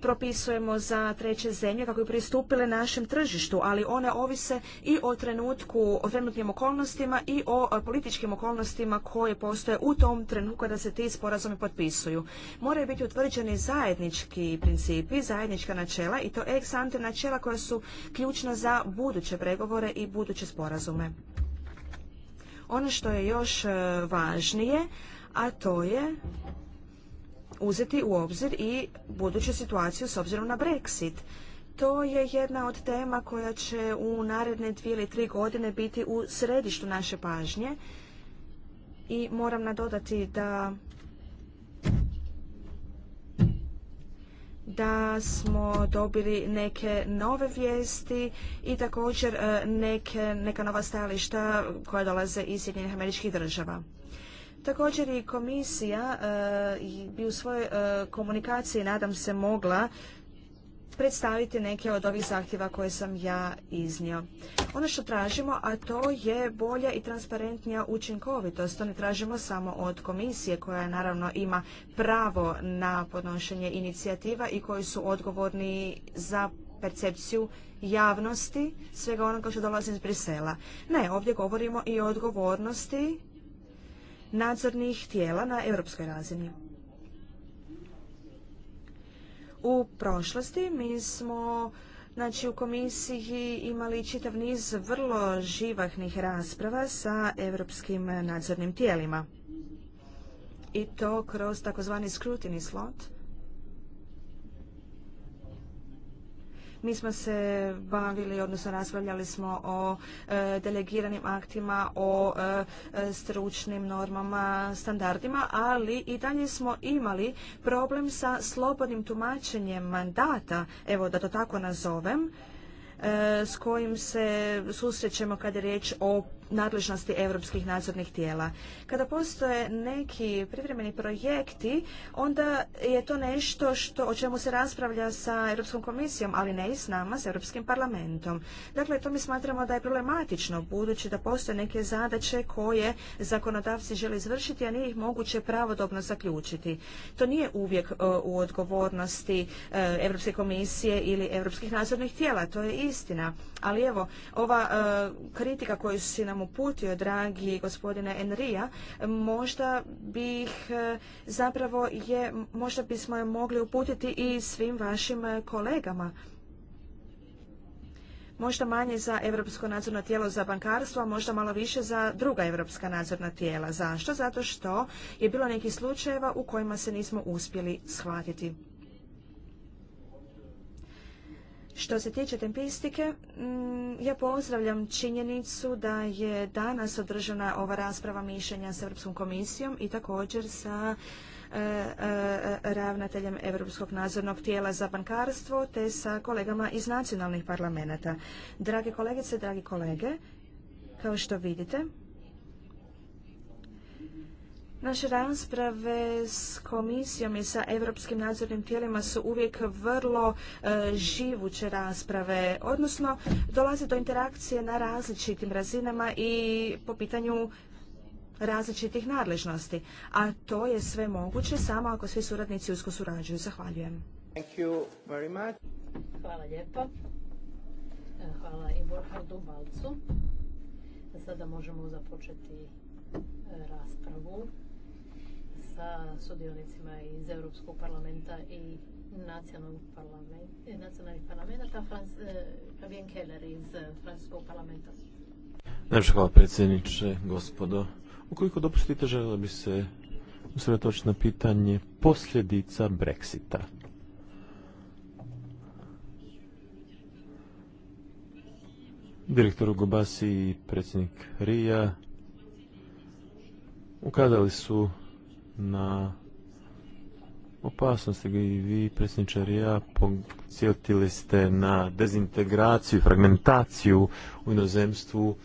propisujemo za treće zemlje kako bi pristupile našem tržištu, ali one ovise i o trenutku, o trenutnim okolnostima i o e, političkim okolnostima koje postoje u tom trenutku kada se ti sporazumi potpisuju. Moraju biti utvrđeni zajednički principi, zajednička načela i to ex ante načela koja su ključna za buduće pregovore i buduće sporazume. Ono što je još e, važnije, a to je uzeti u obzir i buduću situaciju s obzirom na Brexit. To je jedna od tema koja će u naredne dvije ili tri godine biti u središtu naše pažnje i moram nadodati da da smo dobili neke nove vijesti i također e, neke, neka nova stajališta koja dolaze iz Sjedinjenih američkih država. Također i komisija e, bi u svojoj e, komunikaciji, nadam se, mogla predstaviti neke od ovih zahtjeva koje sam ja iznio. Ono što tražimo, a to je bolja i transparentnija učinkovitost. To ne tražimo samo od komisije koja naravno ima pravo na podnošenje inicijativa i koji su odgovorni za percepciju javnosti, svega onoga što dolazi iz Brisela. Ne, ovdje govorimo i o odgovornosti nadzornih tijela na europskoj razini. U prošlosti mi smo Znači, u komisiji imali čitav niz vrlo živahnih rasprava sa europskim nadzornim tijelima. I to kroz takozvani scrutiny slot, Mi smo se bavili, odnosno raspravljali smo o e, delegiranim aktima, o e, stručnim normama, standardima, ali i dalje smo imali problem sa slobodnim tumačenjem mandata, evo da to tako nazovem, e, s kojim se susrećemo kada je riječ o nadležnosti europskih nadzornih tijela. Kada postoje neki privremeni projekti, onda je to nešto što, o čemu se raspravlja sa Europskom komisijom, ali ne i s nama, s Europskim parlamentom. Dakle, to mi smatramo da je problematično, budući da postoje neke zadaće koje zakonodavci žele izvršiti, a nije ih moguće pravodobno zaključiti. To nije uvijek e, u odgovornosti e, Europske komisije ili europskih nadzornih tijela, to je istina. Ali evo, ova e, kritika koju si nam uputio, dragi gospodine Enrija, možda bih e, zapravo je, možda bismo je mogli uputiti i svim vašim e, kolegama možda manje za Europsko nadzorno tijelo za bankarstvo, a možda malo više za druga europska nadzorna tijela. Zašto? Zato što je bilo nekih slučajeva u kojima se nismo uspjeli shvatiti. Što se tiče tempistike, ja pozdravljam činjenicu da je danas održana ova rasprava mišljenja s Europskom komisijom i također sa e, e, ravnateljem Europskog nadzornog tijela za bankarstvo te sa kolegama iz nacionalnih parlamenta. Drage kolegice, dragi kolege, kao što vidite, Naše rasprave s komisijom i sa europskim nadzornim tijelima su uvijek vrlo e, živuće rasprave, odnosno dolazi do interakcije na različitim razinama i po pitanju različitih nadležnosti, a to je sve moguće samo ako svi suradnici usko surađuju. Zahvaljujem. Thank you very much. Hvala lijepo. E, hvala i Balcu. Sada možemo započeti e, raspravu sa sudionicima iz Europskog parlamenta i nacionalnih parlamenta, e, nacionalnih parlamenta Franz, e, Keller iz e, Francuskog parlamenta. Najprej hvala predsjedniče, gospodo. Ukoliko dopustite, želio bi se usredotočiti na pitanje posljedica Brexita. Direktor Gobasi i predsjednik Rija ukazali su na opasnosti i vi, predsjedničar, ja podsjetili ste na dezintegraciju, fragmentaciju u inozemstvu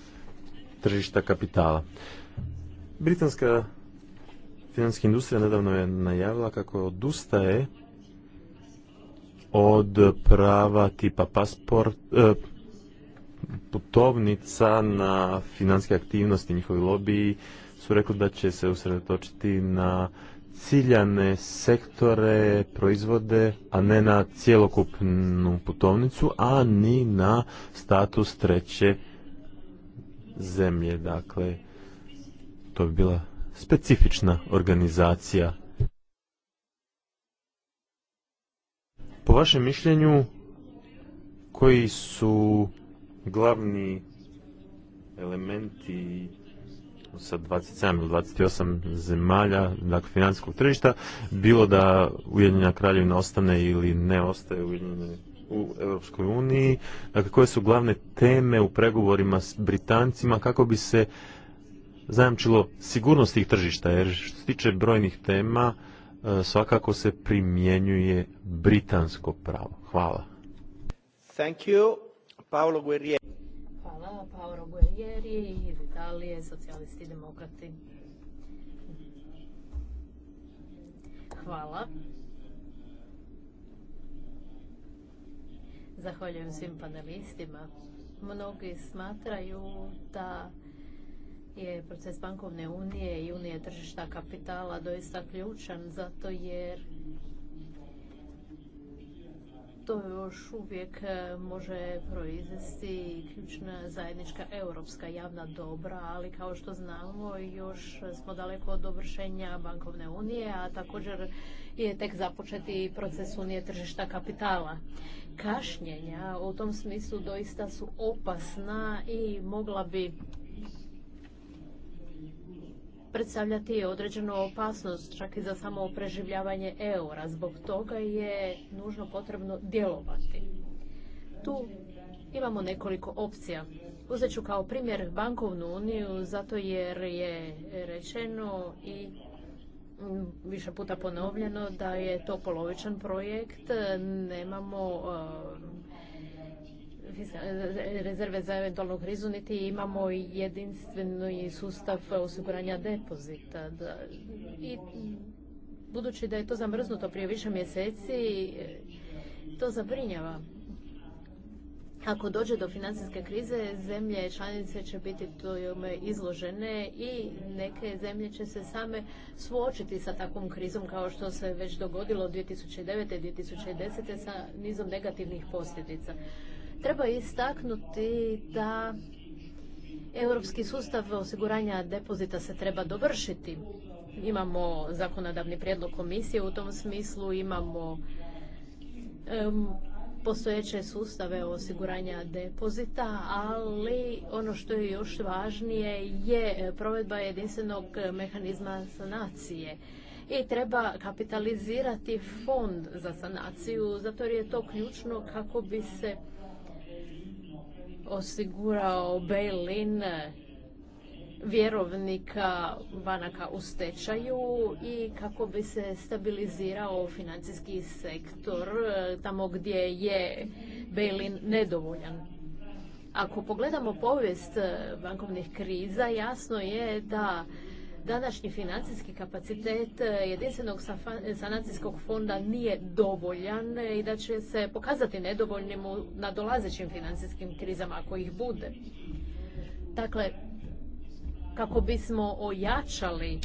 tržišta kapitala. Britanska financijska industrija nedavno je najavila kako odustaje od prava tipa pasport, e, putovnica na finanske aktivnosti, njihovi lobiji su rekli da će se usredotočiti na ciljane sektore, proizvode, a ne na cijelokupnu putovnicu, a ni na status treće zemlje. Dakle, to bi bila specifična organizacija. Po vašem mišljenju, koji su glavni elementi sa 27 ili 28 zemalja, dakle financijskog tržišta, bilo da Ujedinjena kraljevina ostane ili ne ostaje u Europskoj uniji, dakle koje su glavne teme u pregovorima s Britancima kako bi se zajamčilo sigurnost tih tržišta, jer što se tiče brojnih tema, e, svakako se primjenjuje britansko pravo. Hvala. Thank you. Paolo pa Guerrieri iz Italije, socijalisti i demokrati. Hvala. Zahvaljujem svim panelistima. Mnogi smatraju da je proces bankovne unije i unije tržišta kapitala doista ključan zato jer još uvijek e, može proizvesti ključna zajednička europska javna dobra, ali kao što znamo još smo daleko od dovršenja bankovne unije, a također je tek započeti proces unije tržišta kapitala. Kašnjenja u tom smislu doista su opasna i mogla bi predstavljati određenu opasnost čak i za samo preživljavanje eura. Zbog toga je nužno potrebno djelovati. Tu imamo nekoliko opcija. Uzet ću kao primjer bankovnu uniju zato jer je rečeno i više puta ponovljeno da je to polovičan projekt, nemamo rezerve za eventualnu krizu, niti imamo jedinstveni sustav osiguranja depozita. I budući da je to zamrznuto prije više mjeseci, to zabrinjava. Ako dođe do financijske krize, zemlje članice će biti tome izložene i neke zemlje će se same suočiti sa takvom krizom kao što se već dogodilo 2009. i 2010. sa nizom negativnih posljedica. Treba istaknuti da europski sustav osiguranja depozita se treba dovršiti. Imamo zakonodavni prijedlog komisije u tom smislu, imamo postojeće sustave osiguranja depozita, ali ono što je još važnije je provedba jedinstvenog mehanizma sanacije. I treba kapitalizirati fond za sanaciju, zato jer je to ključno kako bi se osigurao bail vjerovnika banaka u stečaju i kako bi se stabilizirao financijski sektor tamo gdje je bail nedovoljan. Ako pogledamo povijest bankovnih kriza, jasno je da današnji financijski kapacitet e, jedinstvenog sanacijskog fonda nije dovoljan e, i da će se pokazati nedovoljnim u nadolazećim financijskim krizama ako ih bude. Dakle, kako bismo ojačali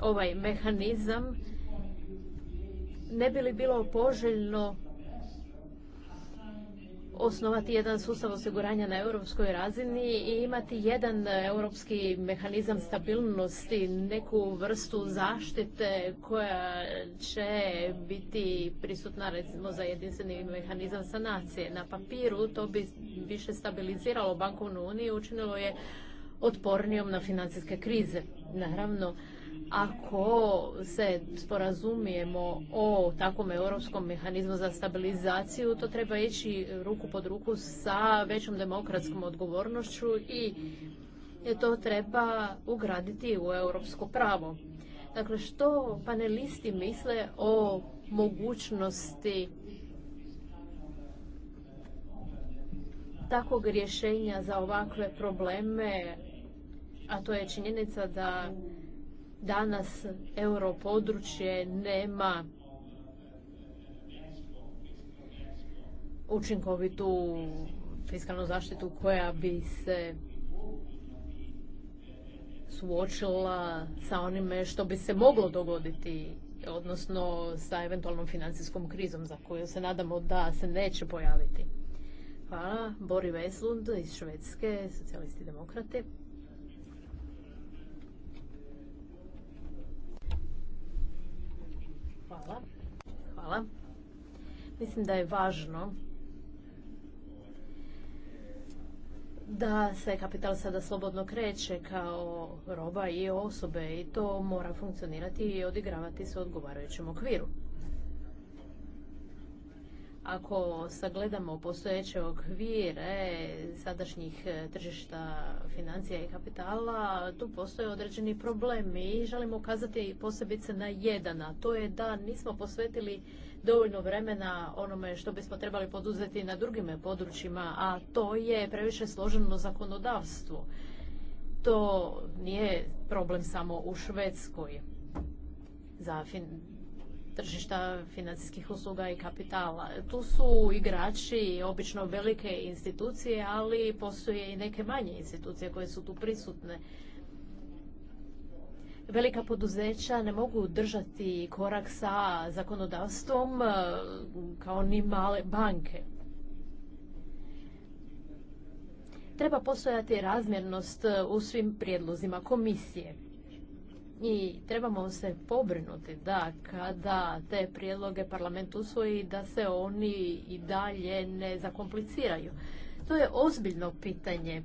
ovaj mehanizam, ne bi li bilo poželjno osnovati jedan sustav osiguranja na europskoj razini i imati jedan europski mehanizam stabilnosti, neku vrstu zaštite koja će biti prisutna recimo za jedinstveni mehanizam sanacije. Na papiru to bi više stabiliziralo bankovnu uniju i učinilo je otpornijom na financijske krize. Naravno, ako se sporazumijemo o takvom europskom mehanizmu za stabilizaciju, to treba ići ruku pod ruku sa većom demokratskom odgovornošću i to treba ugraditi u europsko pravo. Dakle, što panelisti misle o mogućnosti takvog rješenja za ovakve probleme, a to je činjenica da danas europodručje nema učinkovitu fiskalnu zaštitu koja bi se suočila sa onime što bi se moglo dogoditi, odnosno sa eventualnom financijskom krizom za koju se nadamo da se neće pojaviti. Hvala. Bori Veslund iz Švedske, socijalisti i demokrati. Hvala. Mislim da je važno da se kapital sada slobodno kreće kao roba i osobe i to mora funkcionirati i odigravati se u odgovarajućem okviru. Ako sagledamo postojeće okvire sadašnjih e, tržišta financija i kapitala, tu postoje određeni problemi i želimo ukazati posebice na jedan, a to je da nismo posvetili dovoljno vremena onome što bismo trebali poduzeti na drugim područjima, a to je previše složeno zakonodavstvo. To nije problem samo u Švedskoj. Za tržišta financijskih usluga i kapitala. Tu su igrači obično velike institucije, ali postoje i neke manje institucije koje su tu prisutne. Velika poduzeća ne mogu držati korak sa zakonodavstvom e, kao ni male banke. Treba postojati razmjernost u svim prijedlozima komisije. I trebamo se pobrinuti da kada te prijedloge parlament usvoji da se oni i dalje ne zakompliciraju. To je ozbiljno pitanje.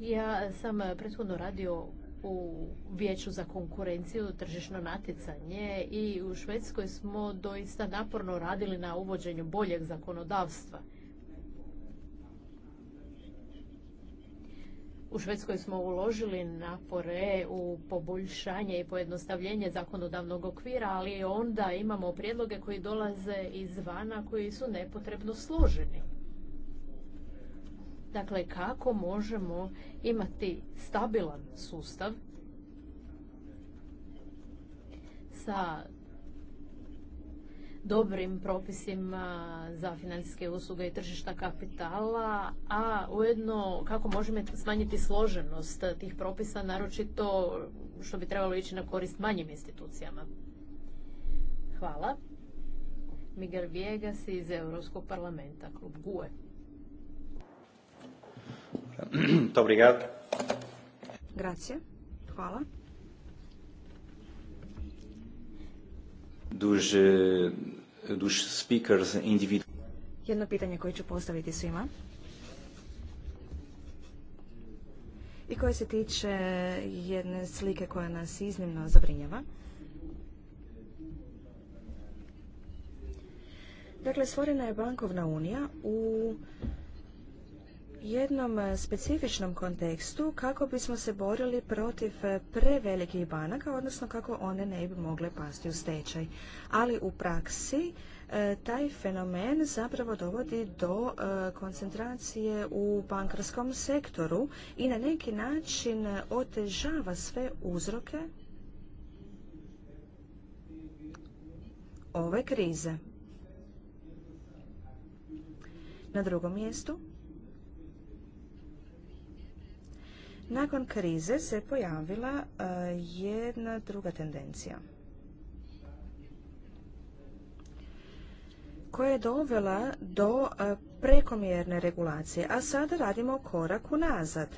Ja sam prethodno radio u Vijeću za konkurenciju, tržišno natjecanje i u Švedskoj smo doista naporno radili na uvođenju boljeg zakonodavstva. U Švedskoj smo uložili napore u poboljšanje i pojednostavljenje zakonodavnog okvira, ali onda imamo prijedloge koji dolaze izvana koji su nepotrebno složeni. Dakle, kako možemo imati stabilan sustav sa dobrim propisima za financijske usluge i tržišta kapitala, a ujedno kako možemo smanjiti složenost tih propisa, naročito što bi trebalo ići na korist manjim institucijama. Hvala. Miguel Viegas iz Europskog parlamenta, klub GUE. Grazie. Hvala. Eh, duž, speakers individu... Jedno pitanje koje ću postaviti svima. I koje se tiče jedne slike koja nas iznimno zabrinjava. Dakle, stvorena je bankovna unija u jednom e, specifičnom kontekstu kako bismo se borili protiv e, prevelikih banaka, odnosno kako one ne bi mogle pasti u stečaj. Ali u praksi e, taj fenomen zapravo dovodi do koncentracije u bankarskom sektoru i na neki način otežava sve uzroke ove krize. Na drugom mjestu Nakon krize se pojavila e, jedna druga tendencija koja je dovela do e, prekomjerne regulacije, a sada radimo korak unazad.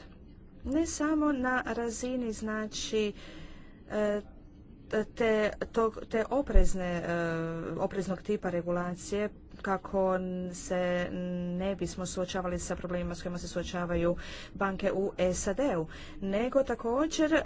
Ne samo na razini znači e, te, te oprezne, opreznog tipa regulacije kako se ne bismo suočavali sa problemima s kojima se suočavaju banke u SAD-u, nego također e,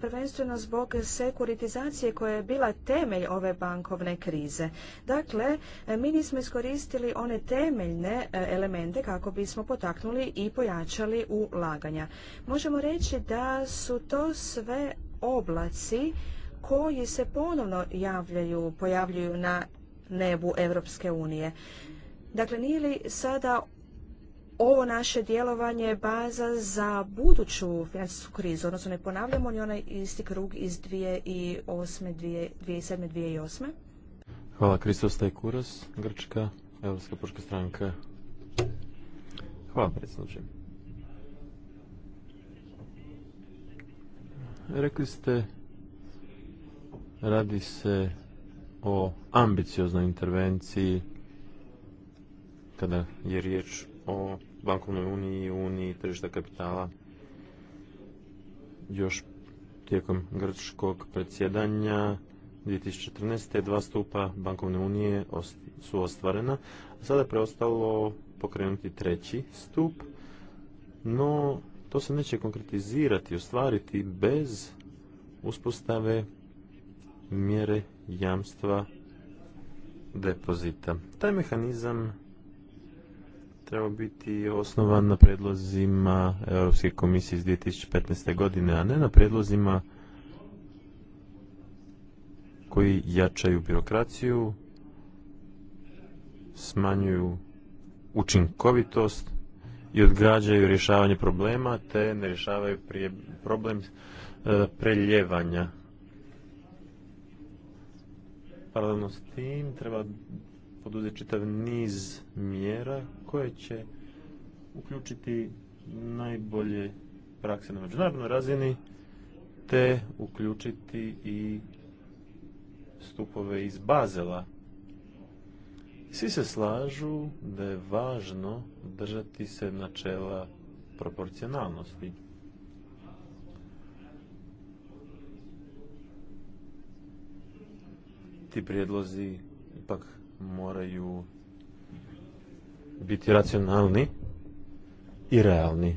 prvenstveno zbog sekuritizacije koja je bila temelj ove bankovne krize. Dakle, mi nismo iskoristili one temeljne e, elemente kako bismo potaknuli i pojačali ulaganja. Možemo reći da su to sve oblaci koji se ponovno javljaju, pojavljuju na nebu Europske unije. Dakle, nije li sada ovo naše djelovanje baza za buduću financijsku krizu, odnosno ne ponavljamo li onaj isti krug iz 2007. 2008. Hvala Kristos Tajkuras, Grčka, Evropska poška stranka. Hvala predsjedniče. Rekli ste, radi se o ambicioznoj intervenciji kada je riječ o bankovnoj uniji i uniji tržišta kapitala još tijekom grčkog predsjedanja 2014. dva stupa bankovne unije su ostvarena, a sada je preostalo pokrenuti treći stup, no to se neće konkretizirati, ostvariti bez uspostave mjere jamstva depozita. Taj mehanizam treba biti osnovan na predlozima Europske komisije iz 2015. godine, a ne na predlozima koji jačaju birokraciju, smanjuju učinkovitost i odgrađaju rješavanje problema, te ne rješavaju problem e, preljevanja Paralelno s tim treba poduzeti čitav niz mjera koje će uključiti najbolje prakse na međunarodnoj razini te uključiti i stupove iz Bazela. Svi se slažu da je važno držati se načela proporcionalnosti. ti prijedlozi ipak moraju biti racionalni i realni.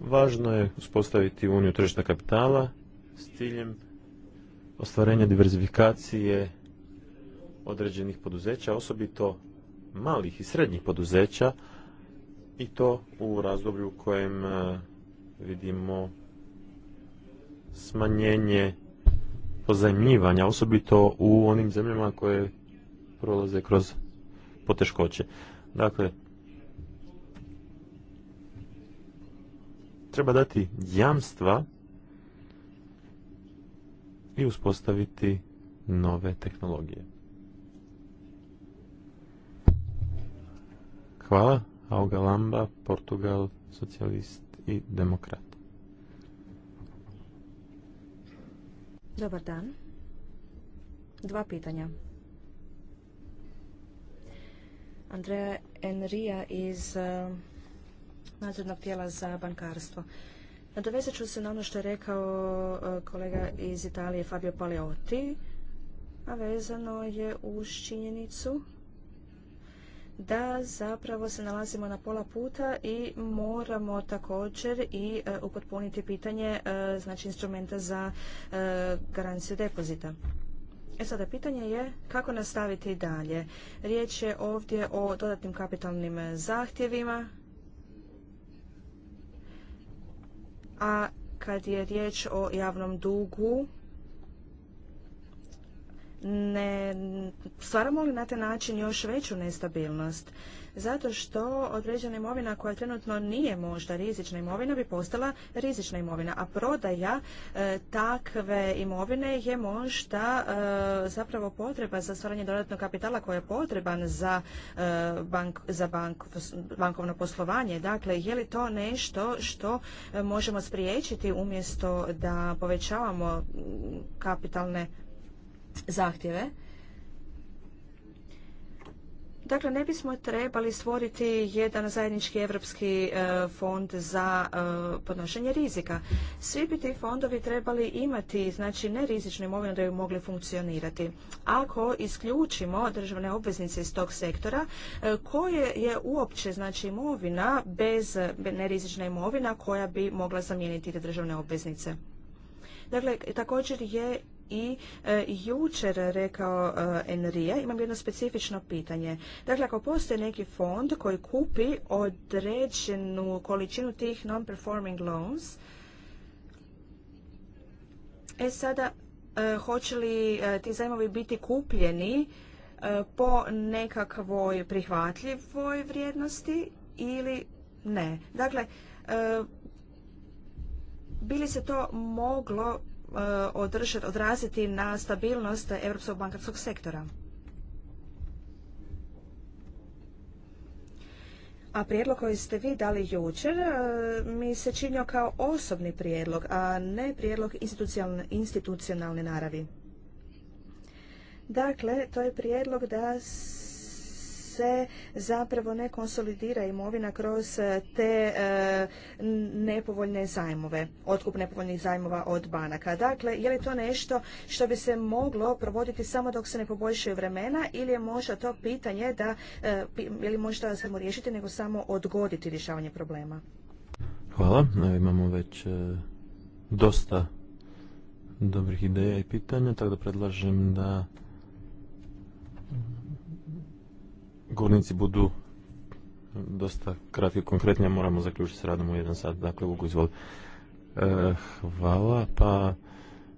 Važno je uspostaviti uniju tržišta kapitala s ciljem ostvarenja diverzifikacije određenih poduzeća, osobito malih i srednjih poduzeća i to u razdoblju u kojem eh, vidimo smanjenje pozajmljivanja, osobito u onim zemljama koje prolaze kroz poteškoće. Dakle, treba dati jamstva i uspostaviti nove tehnologije. Hvala. Auga Lamba, Portugal, socijalist i demokrat. Dobar dan. Dva pitanja. Andreja Enrija iz eh, nadzornog tijela za bankarstvo. Nadovezat ću se na ono što je rekao eh, kolega iz Italije Fabio Paleotti, a vezano je uz činjenicu da zapravo se nalazimo na pola puta i moramo također i e, upotpuniti pitanje e, znači instrumenta za e, garanciju depozita. E sada, pitanje je kako nastaviti dalje. Riječ je ovdje o dodatnim kapitalnim zahtjevima, a kad je riječ o javnom dugu, ne stvaramo li na taj način još veću nestabilnost? Zato što određena imovina koja trenutno nije možda rizična imovina bi postala rizična imovina, a prodaja e, takve imovine je možda e, zapravo potreba za stvaranje dodatnog kapitala koji je potreban za, e, bank, za bankovno poslovanje. Dakle, je li to nešto što možemo spriječiti umjesto da povećavamo kapitalne zahtjeve. Dakle, ne bismo trebali stvoriti jedan zajednički evropski e, fond za e, podnošenje rizika. Svi bi ti fondovi trebali imati, znači, nerizičnu imovinu da bi mogli funkcionirati. Ako isključimo državne obveznice iz tog sektora, e, koje je uopće, znači, imovina bez nerizična imovina koja bi mogla zamijeniti te državne obveznice? Dakle, također je i e, jučer rekao e, Enrija, imam jedno specifično pitanje. Dakle, ako postoji neki fond koji kupi određenu količinu tih non-performing loans, e sada e, hoće li e, ti zajmovi biti kupljeni e, po nekakvoj prihvatljivoj vrijednosti ili ne? Dakle, bili se to moglo Eh, odraziti na stabilnost europskog bankarskog sektora. A prijedlog koji ste vi dali jučer eh, mi se činio kao osobni prijedlog, a ne prijedlog institucionalne, institucionalne naravi. Dakle, to je prijedlog da se zapravo ne konsolidira imovina kroz te e, nepovoljne zajmove, otkup nepovoljnih zajmova od banaka. Dakle, je li to nešto što bi se moglo provoditi samo dok se ne poboljšaju vremena ili je možda to pitanje da, e, ili možda samo riješiti nego samo odgoditi rješavanje problema? Hvala. imamo već e, dosta dobrih ideja i pitanja, tako da predlažem da govornici budu dosta kratki konkretni, a moramo zaključiti s radom u jedan sat. Dakle, Vuku, izvoli. E, hvala, pa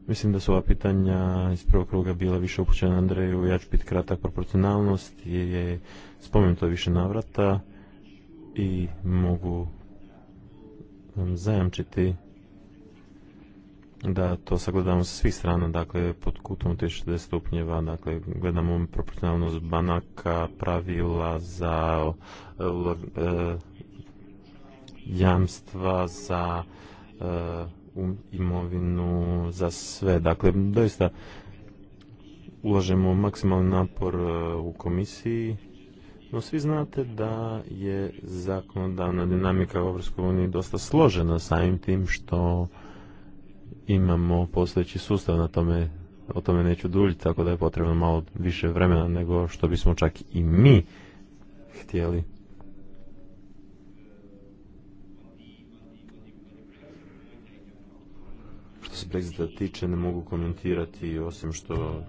mislim da su ova pitanja iz prvog kruga bila više upućena Andreju. Ja ću biti kratak, proporcionalnost je spomenuto više navrata i mogu zajamčiti da to sagledamo sa svih strana, dakle, pod kutom 60 stupnjeva, dakle, gledamo proporcionalnost banaka, pravila za eh, jamstva, za eh, um, imovinu, za sve. Dakle, doista ulažemo maksimalni napor eh, u komisiji, no svi znate da je zakonodavna dinamika u uniji dosta složena samim tim što imamo postojeći sustav na tome, o tome neću duljiti, tako da je potrebno malo više vremena nego što bismo čak i mi htjeli. Što se Brexita tiče, ne mogu komentirati, osim što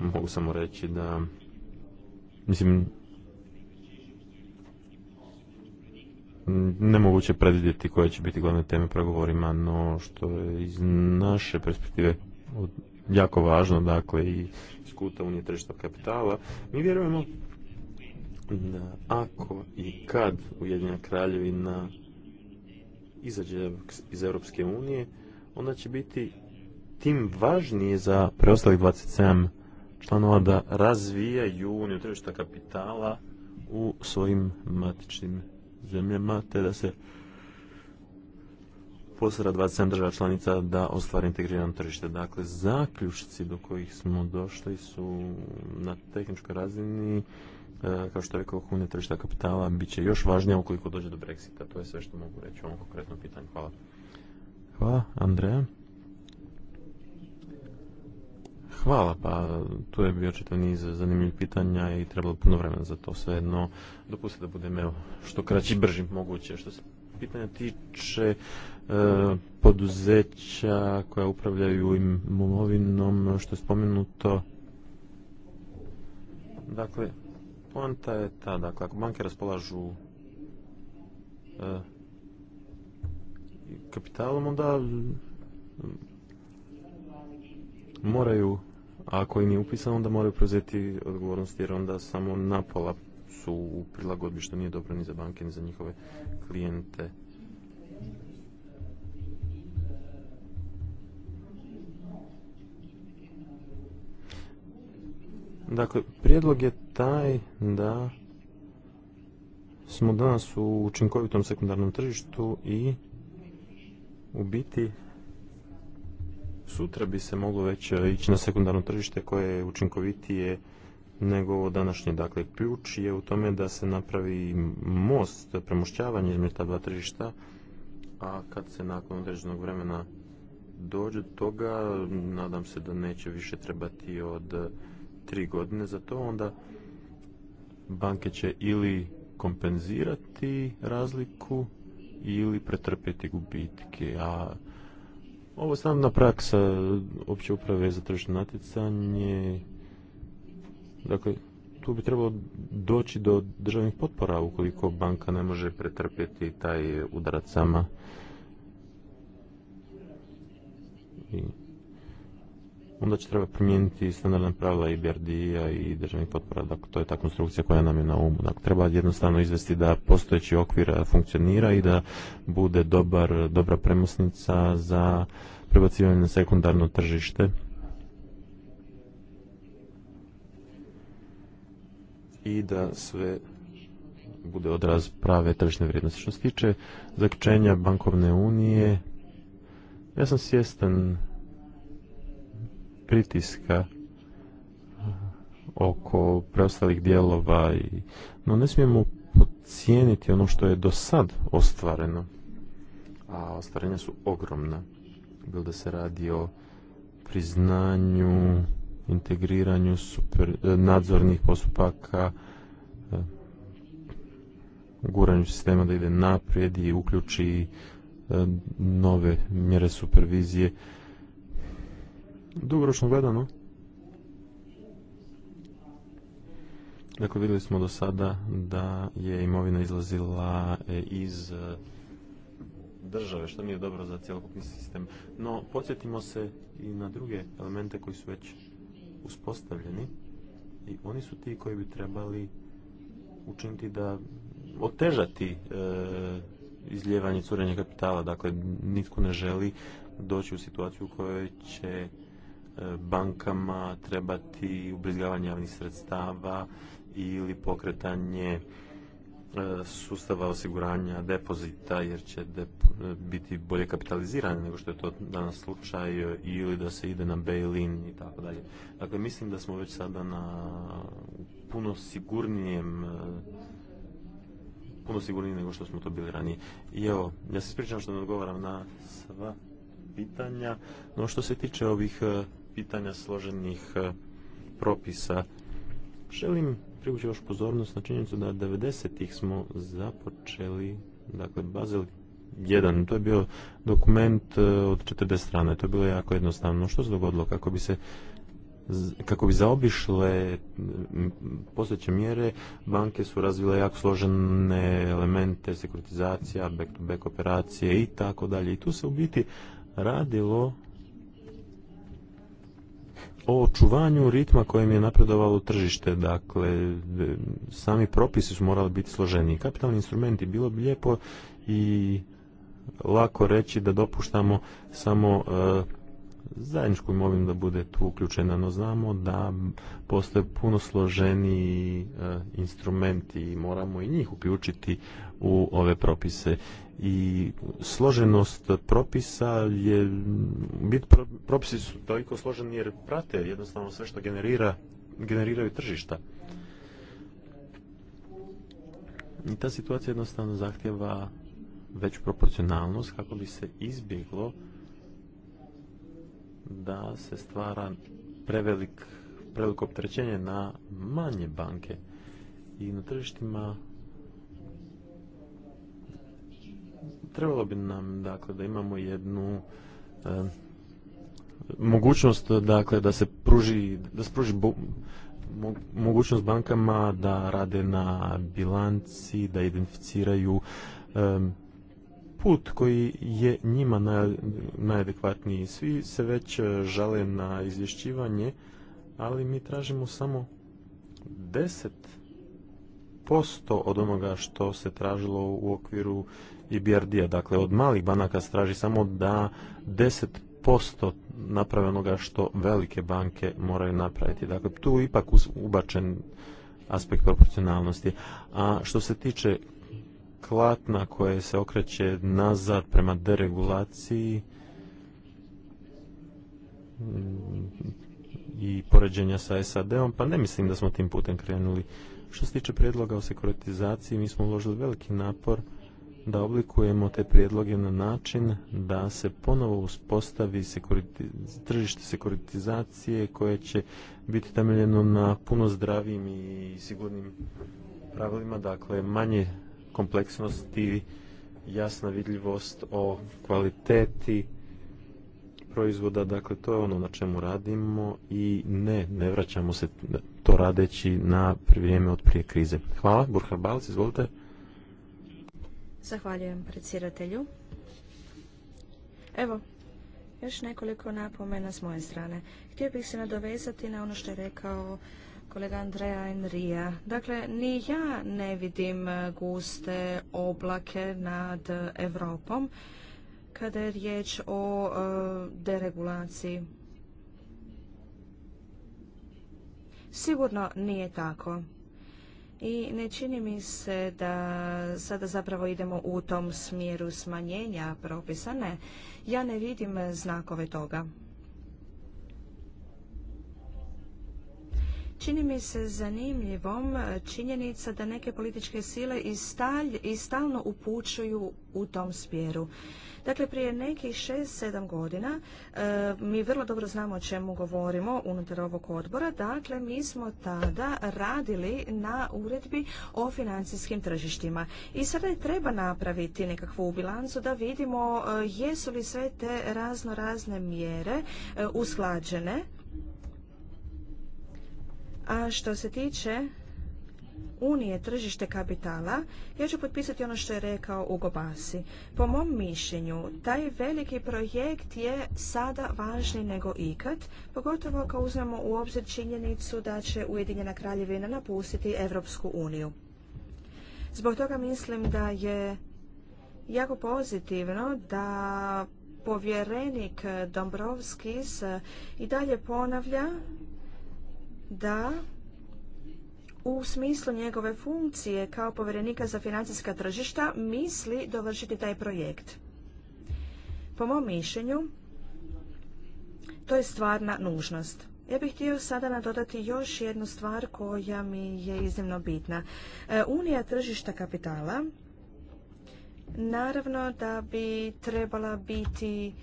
mogu samo reći da, mislim, nemoguće predvidjeti koje će biti glavne teme pregovorima, no što je iz naše perspektive jako važno, dakle i iz kuta unije tržišta kapitala, mi vjerujemo da ako i kad Ujedinjena kraljevina izađe iz Europske unije, onda će biti tim važnije za preostalih 27 članova da razvijaju uniju tržišta kapitala u svojim matičnim zemljama, te da se posara 27 država članica da ostvari integrirano tržište. Dakle, zaključci do kojih smo došli su na tehničkoj razini, e, kao što je rekao, unija tržišta kapitala bit će još važnija ukoliko dođe do Brexita. To je sve što mogu reći o ovom konkretnom pitanju. Hvala. Hvala, Andreja. Hvala, pa tu je bio čitav niz zanimljivih pitanja i trebalo puno vremena za to sve, no dopustite da budem evo, što kraći brži moguće. Što se pitanja tiče e, poduzeća koja upravljaju imovinom, što je spomenuto, dakle, poanta je ta, dakle, ako banke raspolažu e, kapitalom, onda moraju a ako im je upisano onda moraju preuzeti odgovornost jer onda samo napola su u prilagodbi što nije dobro ni za banke ni za njihove klijente. Dakle, prijedlog je taj da smo danas u učinkovitom sekundarnom tržištu i u biti sutra bi se moglo već e, ići na sekundarno tržište koje je učinkovitije nego ovo današnje. Dakle, ključ je u tome da se napravi most, premošćavanje između ta dva tržišta, a kad se nakon određenog vremena dođe do toga, nadam se da neće više trebati od tri godine za to, onda banke će ili kompenzirati razliku ili pretrpjeti gubitke, a ovo je praksa opće uprave za tržno natjecanje. Dakle, tu bi trebalo doći do državnih potpora ukoliko banka ne može pretrpjeti taj udarac sama onda će treba primijeniti standardne pravila i BRD-a i državnih potpora. Dakle, to je ta konstrukcija koja nam je na umu. Dakle, treba jednostavno izvesti da postojeći okvir eh, funkcionira i da bude dobar, dobra premosnica za prebacivanje na sekundarno tržište. I da sve bude odraz prave tržišne vrijednosti. Što se tiče zaključenja bankovne unije, ja sam svjestan pritiska oko preostalih dijelova, i, no ne smijemo pocijeniti ono što je do sad ostvareno, a ostvarenja su ogromna. Bilo da se radi o priznanju, integriranju super, e, nadzornih postupaka, e, guranju sistema da ide naprijed i uključi e, nove mjere supervizije dugoročno gledano, Dakle, vidjeli smo do sada da je imovina izlazila e, iz e, države, što nije dobro za cjelokupni sistem. No, podsjetimo se i na druge elemente koji su već uspostavljeni i oni su ti koji bi trebali učiniti da otežati e, izljevanje curenja kapitala. Dakle, nitko ne želi doći u situaciju u kojoj će E, bankama trebati ubrizgavanje javnih sredstava ili pokretanje e, sustava osiguranja depozita jer će e, biti bolje kapitalizirane nego što je to danas slučaj ili da se ide na bail-in i tako dalje. Dakle, mislim da smo već sada na puno sigurnijem puno sigurniji nego što smo to bili ranije. I evo, ja se ispričam što ne odgovaram na sva pitanja, no što se tiče ovih pitanja složenih e, propisa. Želim privući još pozornost na činjenicu da 90-ih smo započeli, dakle Bazel 1, to je bio dokument e, od 40 strana, to je bilo jako jednostavno. Što se dogodilo kako bi se kako bi zaobišle postojeće mjere, banke su razvile jako složene elemente sekuritizacija, back-to-back -back operacije i tako dalje. I tu se u biti radilo o očuvanju ritma kojem je napredovalo tržište, dakle e, sami propisi su morali biti složeniji. Kapitalni instrumenti bilo bi lijepo i lako reći da dopuštamo samo e, zajedničku imovinu da bude tu uključena, no znamo da postoje puno složeniji e, instrumenti i moramo i njih uključiti u ove propise i složenost propisa je bit propisi su toliko složeni jer prate jednostavno sve što generira generiraju tržišta i ta situacija jednostavno zahtjeva veću proporcionalnost kako bi se izbjeglo da se stvara prevelik, preveliko opterećenje na manje banke i na tržištima trebalo bi nam dakle da imamo jednu eh, mogućnost dakle da se pruži da se pruži mogućnost bankama da rade na bilanci, da identificiraju eh, put koji je njima najadekvatniji. Svi se već eh, žale na izvješćivanje, ali mi tražimo samo 10% od onoga što se tražilo u okviru i BRD-a. Dakle, od malih banaka straži samo da 10% naprave onoga što velike banke moraju napraviti. Dakle, tu je ipak ubačen aspekt proporcionalnosti. A što se tiče klatna koje se okreće nazad prema deregulaciji mm, i poređenja sa SAD-om, pa ne mislim da smo tim putem krenuli. Što se tiče prijedloga o sekuritizaciji, mi smo uložili veliki napor da oblikujemo te prijedloge na način da se ponovo uspostavi tržište sekuritizacije koje će biti temeljeno na puno zdravim i sigurnim pravilima, dakle manje kompleksnosti, jasna vidljivost o kvaliteti proizvoda, dakle to je ono na čemu radimo i ne, ne vraćamo se to radeći na vrijeme od prije krize. Hvala, Burhar Balc, izvolite. Zahvaljujem predsjedatelju. Evo, još nekoliko napomena s moje strane. Htio bih se nadovezati na ono što je rekao kolega Andreja Enrija. Dakle, ni ja ne vidim guste oblake nad Evropom kada je riječ o e, deregulaciji. Sigurno nije tako i ne čini mi se da sada zapravo idemo u tom smjeru smanjenja propisa. Ne, ja ne vidim znakove toga. Čini mi se zanimljivom činjenica da neke političke sile i, stalno upućuju u tom smjeru. Dakle, prije nekih 6-7 godina e, mi vrlo dobro znamo o čemu govorimo unutar ovog odbora. Dakle, mi smo tada radili na uredbi o financijskim tržištima. I sada je treba napraviti nekakvu bilancu da vidimo e, jesu li sve te razno razne mjere e, usklađene. A što se tiče unije tržište kapitala, ja ću potpisati ono što je rekao Ugo Basi. Po mom mišljenju, taj veliki projekt je sada važniji nego ikad, pogotovo ako uzmemo u obzir činjenicu da će Ujedinjena kraljevina napustiti Europsku uniju. Zbog toga mislim da je jako pozitivno da povjerenik Dombrovskis i dalje ponavlja da u smislu njegove funkcije kao povjerenika za financijska tržišta misli dovršiti taj projekt. Po mom mišljenju, to je stvarna nužnost. Ja bih htio sada nadodati još jednu stvar koja mi je iznimno bitna. E, unija tržišta kapitala naravno da bi trebala biti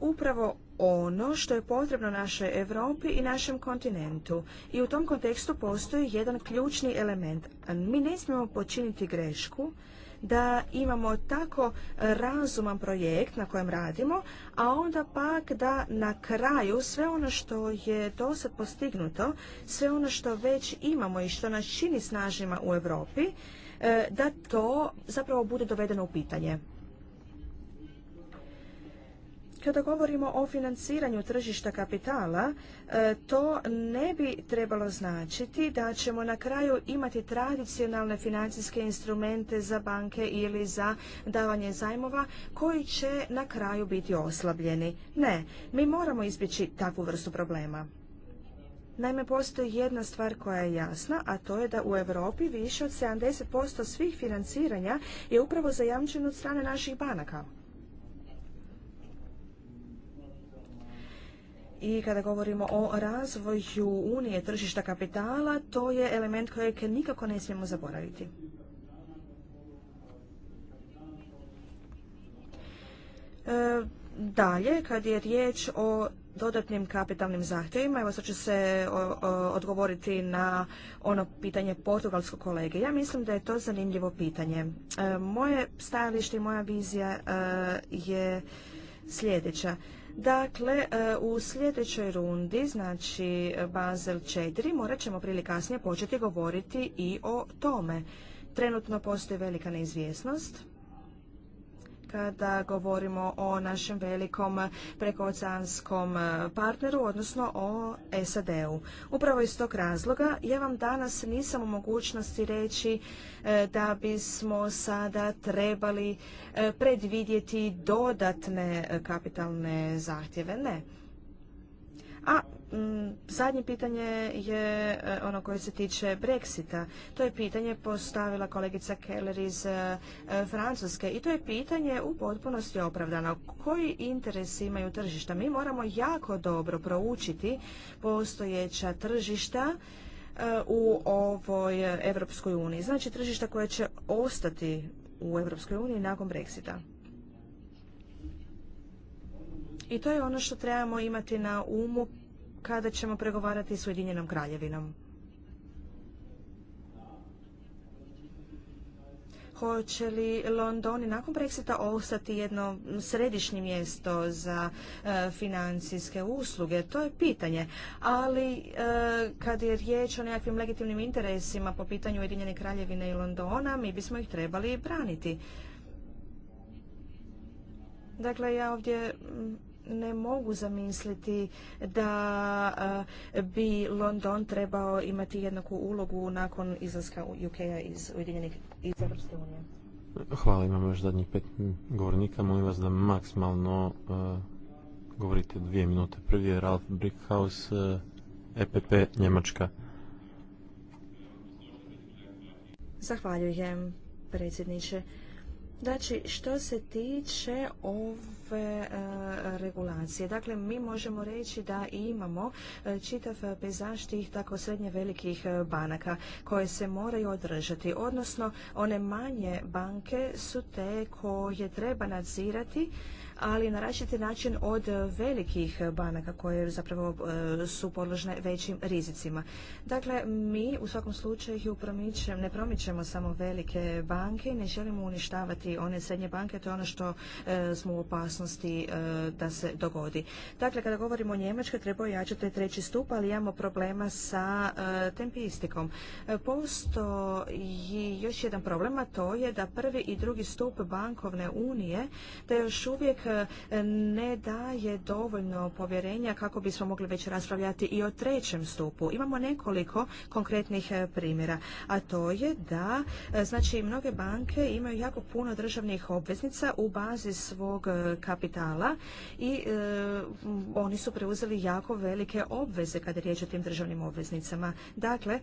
upravo ono što je potrebno našoj Europi i našem kontinentu. I u tom kontekstu postoji jedan ključni element. Mi ne smijemo počiniti grešku da imamo tako razuman projekt na kojem radimo, a onda pak da na kraju sve ono što je dosad postignuto, sve ono što već imamo i što nas čini snažnima u Europi, e, da to zapravo bude dovedeno u pitanje. Kada govorimo o financiranju tržišta kapitala, e, to ne bi trebalo značiti da ćemo na kraju imati tradicionalne financijske instrumente za banke ili za davanje zajmova koji će na kraju biti oslabljeni. Ne, mi moramo izbjeći takvu vrstu problema. Naime, postoji jedna stvar koja je jasna, a to je da u Europi više od 70% svih financiranja je upravo zajamčeno od strane naših banaka. i kada govorimo o razvoju unije tržišta kapitala, to je element kojeg nikako ne smijemo zaboraviti. E, dalje, kad je riječ o dodatnim kapitalnim zahtjevima, evo sad ću se odgovoriti na ono pitanje portugalskog kolege. Ja mislim da je to zanimljivo pitanje. E, moje stajalište i moja vizija e, je sljedeća. Dakle, e, u sljedećoj rundi, znači Basel 4, morat ćemo prije kasnije početi govoriti i o tome. Trenutno postoji velika neizvjesnost kada govorimo o našem velikom prekooceanskom e, partneru, odnosno o SAD-u. Upravo iz tog razloga ja vam danas nisam u mogućnosti reći e, da bismo sada trebali e, predvidjeti dodatne kapitalne zahtjeve. Ne. A Mm, zadnje pitanje je e, ono koje se tiče Brexita. To je pitanje postavila kolegica Keller iz e, e, Francuske i to je pitanje u potpunosti opravdano. Koji interes imaju tržišta? Mi moramo jako dobro proučiti postojeća tržišta u ovoj Evropskoj uniji. Znači tržišta koja će ostati u Evropskoj uniji nakon Brexita. I to je ono što trebamo imati na umu kada ćemo pregovarati s Ujedinjenom kraljevinom. Hoće li London i nakon Brexita ostati jedno središnje mjesto za e, financijske usluge? To je pitanje. Ali e, kad je riječ o nekakvim legitimnim interesima po pitanju Ujedinjene kraljevine i Londona, mi bismo ih trebali braniti. Dakle, ja ovdje ne mogu zamisliti da eh, bi London trebao imati jednaku ulogu nakon izlaska UK-a iz Ujedinjenih iz unije. Hvala, imamo još zadnjih pet govornika. Molim vas da maksimalno eh, govorite dvije minute. Prvi je Ralf Brickhaus, EPP eh, e Njemačka. Zahvaljujem, predsjedniče. Znači, što se tiče ove e, regulacije, dakle, mi možemo reći da imamo e, čitav pezaž tih tako srednje velikih e, banaka koje se moraju održati, odnosno one manje banke su te koje treba nadzirati ali na različiti način od velikih banaka koje zapravo e, su podložne većim rizicima. Dakle, mi u svakom slučaju ne promičemo samo velike banke, ne želimo uništavati one srednje banke, to je ono što e, smo u opasnosti e, da se dogodi. Dakle, kada govorimo o Njemačkoj, treba ojačati treći stup, ali imamo problema sa tempistikom. Postoji još jedan problem, a to je da prvi i drugi stup bankovne unije, da još uvijek Eh, ne daje dovoljno povjerenja kako bismo mogli već raspravljati i o trećem stupu. Imamo nekoliko konkretnih eh, primjera, a to je da eh, znači mnoge banke imaju jako puno državnih obveznica u bazi svog kapitala i oni su preuzeli jako velike obveze kada je riječ o tim državnim obveznicama. Dakle,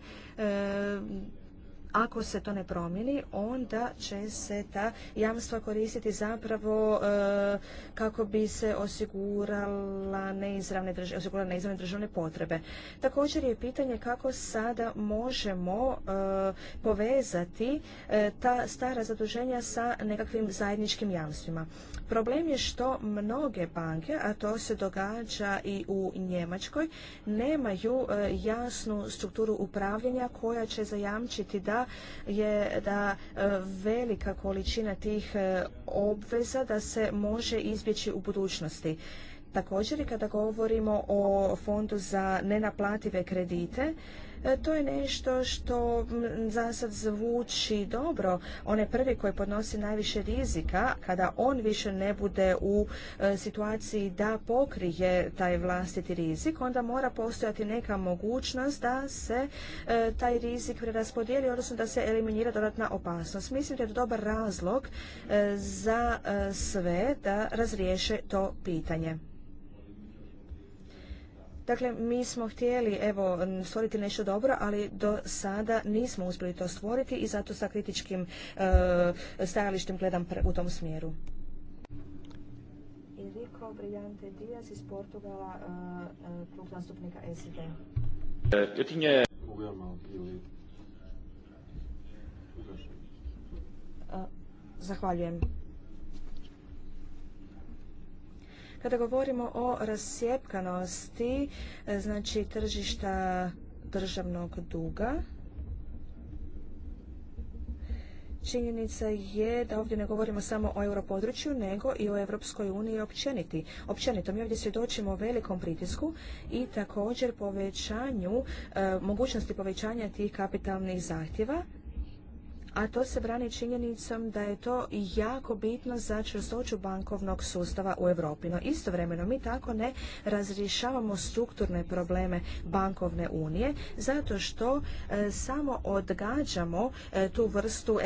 ako se to ne promijeni, onda će se ta jamstva koristiti zapravo e, kako bi se osigurala neizravne, državne, osigurala neizravne državne potrebe. Također je pitanje kako sada možemo e, povezati e, ta stara zaduženja sa nekakvim zajedničkim jamstvima. Problem je što mnoge banke, a to se događa i u Njemačkoj, nemaju jasnu strukturu upravljanja koja će zajamčiti da je da e, velika količina tih e, obveza da se može izbjeći u budućnosti. Također i kada govorimo o fondu za nenaplative kredite, E, to je nešto što za sad zvuči dobro. On je prvi koji podnosi najviše rizika kada on više ne bude u e, situaciji da pokrije taj vlastiti rizik, onda mora postojati neka mogućnost da se e, taj rizik preraspodijeli, odnosno da se eliminira dodatna opasnost. Mislim da je to dobar razlog za sve da razriješe to pitanje. Dakle, mi smo htjeli evo, stvoriti nešto dobro, ali do sada nismo uspjeli to stvoriti i zato sa kritičkim e, stajalištem gledam u tom smjeru. Enrico iz Portugala, e, e, e, Zahvaljujem. Kada govorimo o rasjepkanosti, e, znači tržišta državnog duga, Činjenica je da ovdje ne govorimo samo o europodručju, nego i o Europskoj uniji općeniti. Općenito mi ovdje svjedočimo velikom pritisku i također povećanju, e, mogućnosti povećanja tih kapitalnih zahtjeva a to se brani činjenicom da je to jako bitno za čvrstoću bankovnog sustava u Europi. No istovremeno mi tako ne razrješavamo strukturne probleme bankovne unije zato što e, samo odgađamo e, tu vrstu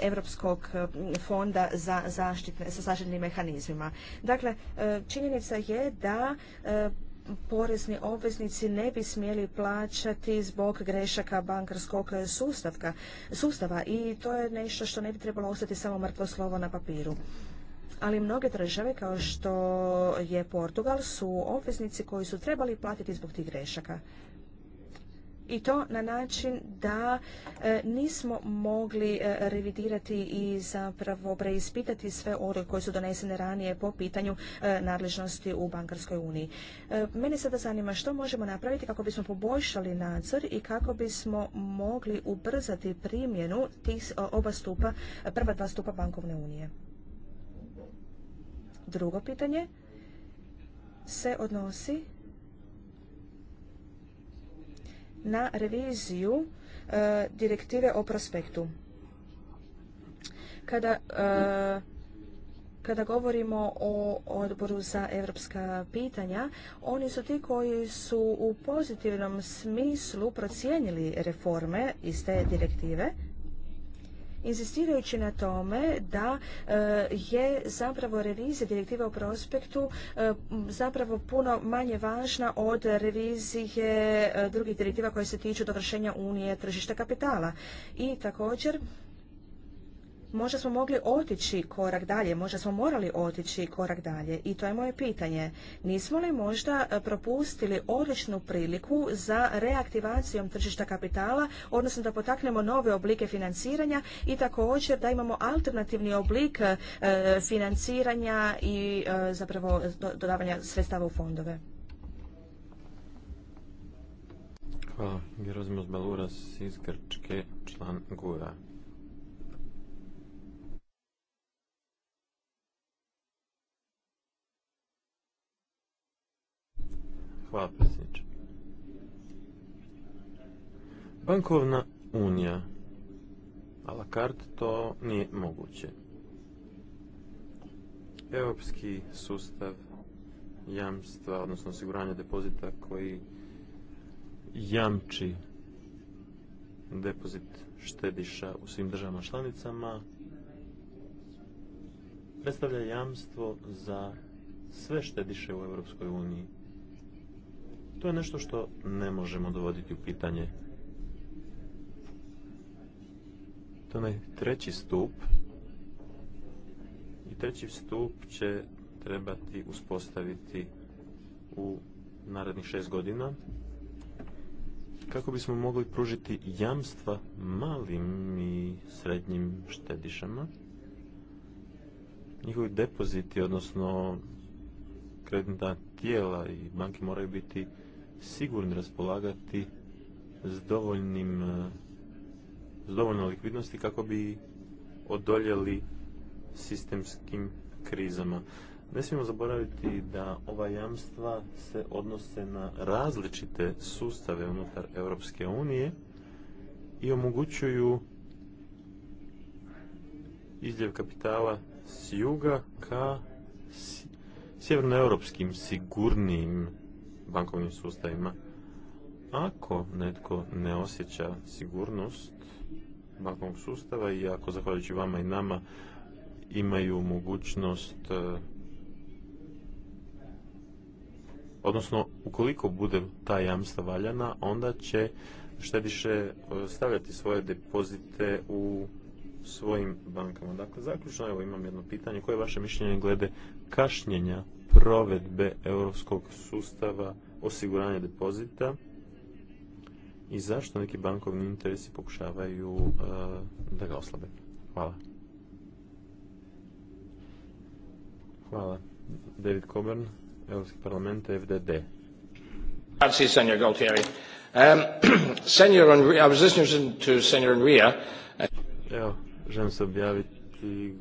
europskog e, fonda za zaštitne, sa zaštitnim mehanizmima. Dakle, činjenica je da porezni obveznici ne bi smjeli plaćati zbog grešaka bankarskog sustavka, sustava i to je nešto što ne bi trebalo ostati samo mrtvo slovo na papiru. Ali mnoge države kao što je Portugal su obveznici koji su trebali platiti zbog tih grešaka i to na način da e, nismo mogli e, revidirati i zapravo preispitati sve odluke koje su donesene ranije po pitanju e, nadležnosti u bankarskoj uniji. Mene sada zanima što možemo napraviti kako bismo poboljšali nadzor i kako bismo mogli ubrzati primjenu tih oba stupa, prva dva stupa bankovne unije. Drugo pitanje se odnosi na reviziju e, direktive o prospektu. Kada, e, kada govorimo o odboru za evropska pitanja, oni su ti koji su u pozitivnom smislu procijenili reforme iz te direktive inzistirajući na tome da e, je zapravo revizija direktiva o prospektu e, zapravo puno manje važna od revizije e, drugih direktiva koje se tiču dovršenja unije tržišta kapitala. I također možda smo mogli otići korak dalje, možda smo morali otići korak dalje i to je moje pitanje. Nismo li možda e, propustili odličnu priliku za reaktivacijom tržišta kapitala, odnosno da potaknemo nove oblike financiranja i također da imamo alternativni oblik e, financiranja i e, zapravo dodavanja sredstava u fondove? Hvala. Gerozimos Baluras iz Grčke, član Gura. Hvala predsjedniče. Bankovna unija. A la carte to nije moguće. Europski sustav jamstva, odnosno osiguranja depozita koji jamči depozit štediša u svim državama članicama predstavlja jamstvo za sve štediše u Europskoj uniji. To je nešto što ne možemo dovoditi u pitanje. To je treći stup. I treći stup će trebati uspostaviti u narednih šest godina kako bismo mogli pružiti jamstva malim i srednjim štedišama. Njihovi depoziti, odnosno kreditna tijela i banke moraju biti sigurni raspolagati s dovoljnim e, s dovoljno likvidnosti kako bi odoljeli sistemskim krizama. Ne smijemo zaboraviti da ova jamstva se odnose na različite sustave unutar Europske unije i omogućuju izljev kapitala s juga ka sjevernoeuropskim sigurnim bankovnim sustavima. Ako netko ne osjeća sigurnost bankovnog sustava i ako zahvaljujući vama i nama imaju mogućnost e, odnosno ukoliko bude ta jamstva valjana, onda će štediše e, stavljati svoje depozite u svojim bankama. Dakle, zaključno, evo imam jedno pitanje. Koje je vaše mišljenje glede kašnjenja provedbe europskog sustava osiguranja depozita i zašto neki bankovni interesi pokušavaju e, da ga oslabe. Hvala. Hvala. David Coburn, Europski parlament, FDD. Grazie, senjor Galtieri. Ehm, senjor I was listening to senjor Enria. Evo, želim se objaviti i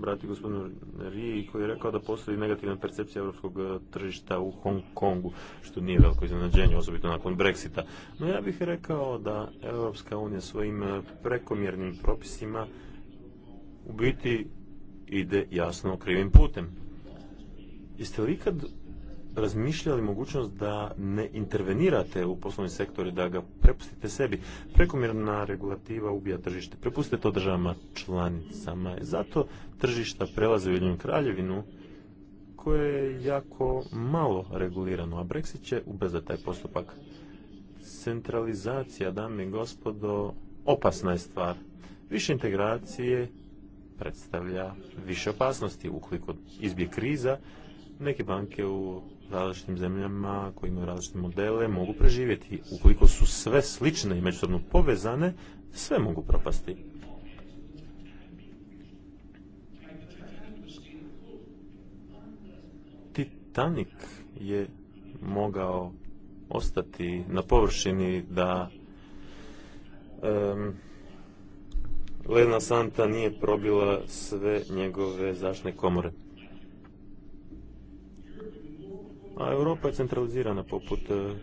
brati gospodinu Ri, koji je rekao da postoji negativna percepcija europskog e, tržišta u Hong Kongu, što nije veliko iznenađenje, osobito nakon Brexita. No ja bih rekao da Europska unija svojim e, prekomjernim propisima u biti ide jasno krivim putem. Jeste li ikad razmišljali mogućnost da ne intervenirate u poslovni sektor i da ga prepustite sebi. Prekomjerna regulativa ubija tržište. Prepustite to državama članicama. Zato tržišta prelaze u jednu kraljevinu koje je jako malo regulirano, a Brexit će ubrzati taj postupak. Centralizacija, dame i gospodo, opasna je stvar. Više integracije predstavlja više opasnosti. Ukoliko izbije kriza, neke banke u različitim zemljama koji imaju različite modele mogu preživjeti. Ukoliko su sve slične i međusobno povezane, sve mogu propasti. Titanic je mogao ostati na površini da um, Lena Santa nije probila sve njegove zaštne komore. a Europa je centralizirana poput e,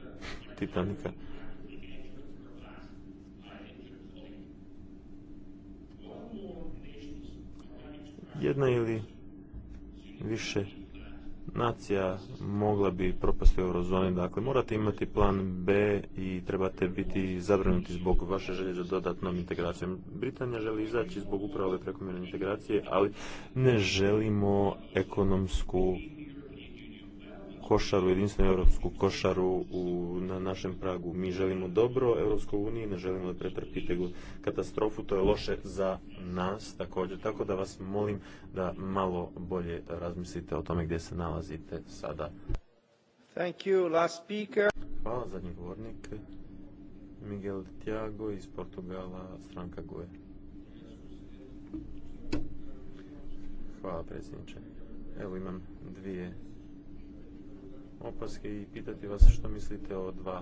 Titanika. Jedna ili više nacija mogla bi propasti u eurozoni. Dakle, morate imati plan B i trebate biti zabrinuti zbog vaše želje za dodatnom integracijom. Britanija želi izaći zbog upravo ove prekomjerne integracije, ali ne želimo ekonomsku košaru, jedinstvenu europsku košaru u, na našem pragu. Mi želimo dobro Europskoj uniji, ne želimo da pretrpite katastrofu, to je loše za nas također. Tako da vas molim da malo bolje razmislite o tome gdje se nalazite sada. Thank you, last speaker. Hvala, zadnji govornik. Miguel Tiago iz Portugala, stranka GUE. Hvala predsjedniče. Evo imam dvije opaske i pitati vas što mislite o dva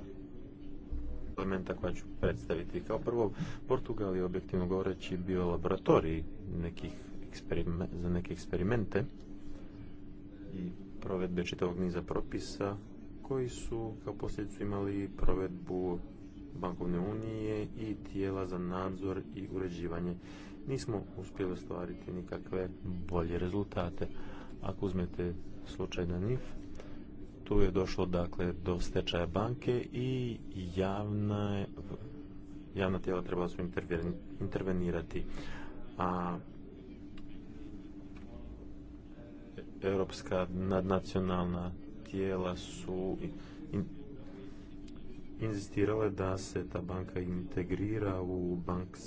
elementa koja ću predstaviti. Kao prvo, Portugal je objektivno govoreći bio laboratorij nekih za neke eksperimente i provedbe čitavog niza propisa koji su kao posljedicu imali provedbu bankovne unije i tijela za nadzor i uređivanje. Nismo uspjeli ostvariti nikakve bolje rezultate. Ako uzmete slučaj na NIF, tu je došlo dakle do stečaja banke i javna, javna tijela trebala su intervenirati. A europska nadnacionalna tijela su inzistirale da se ta banka integrira u Bank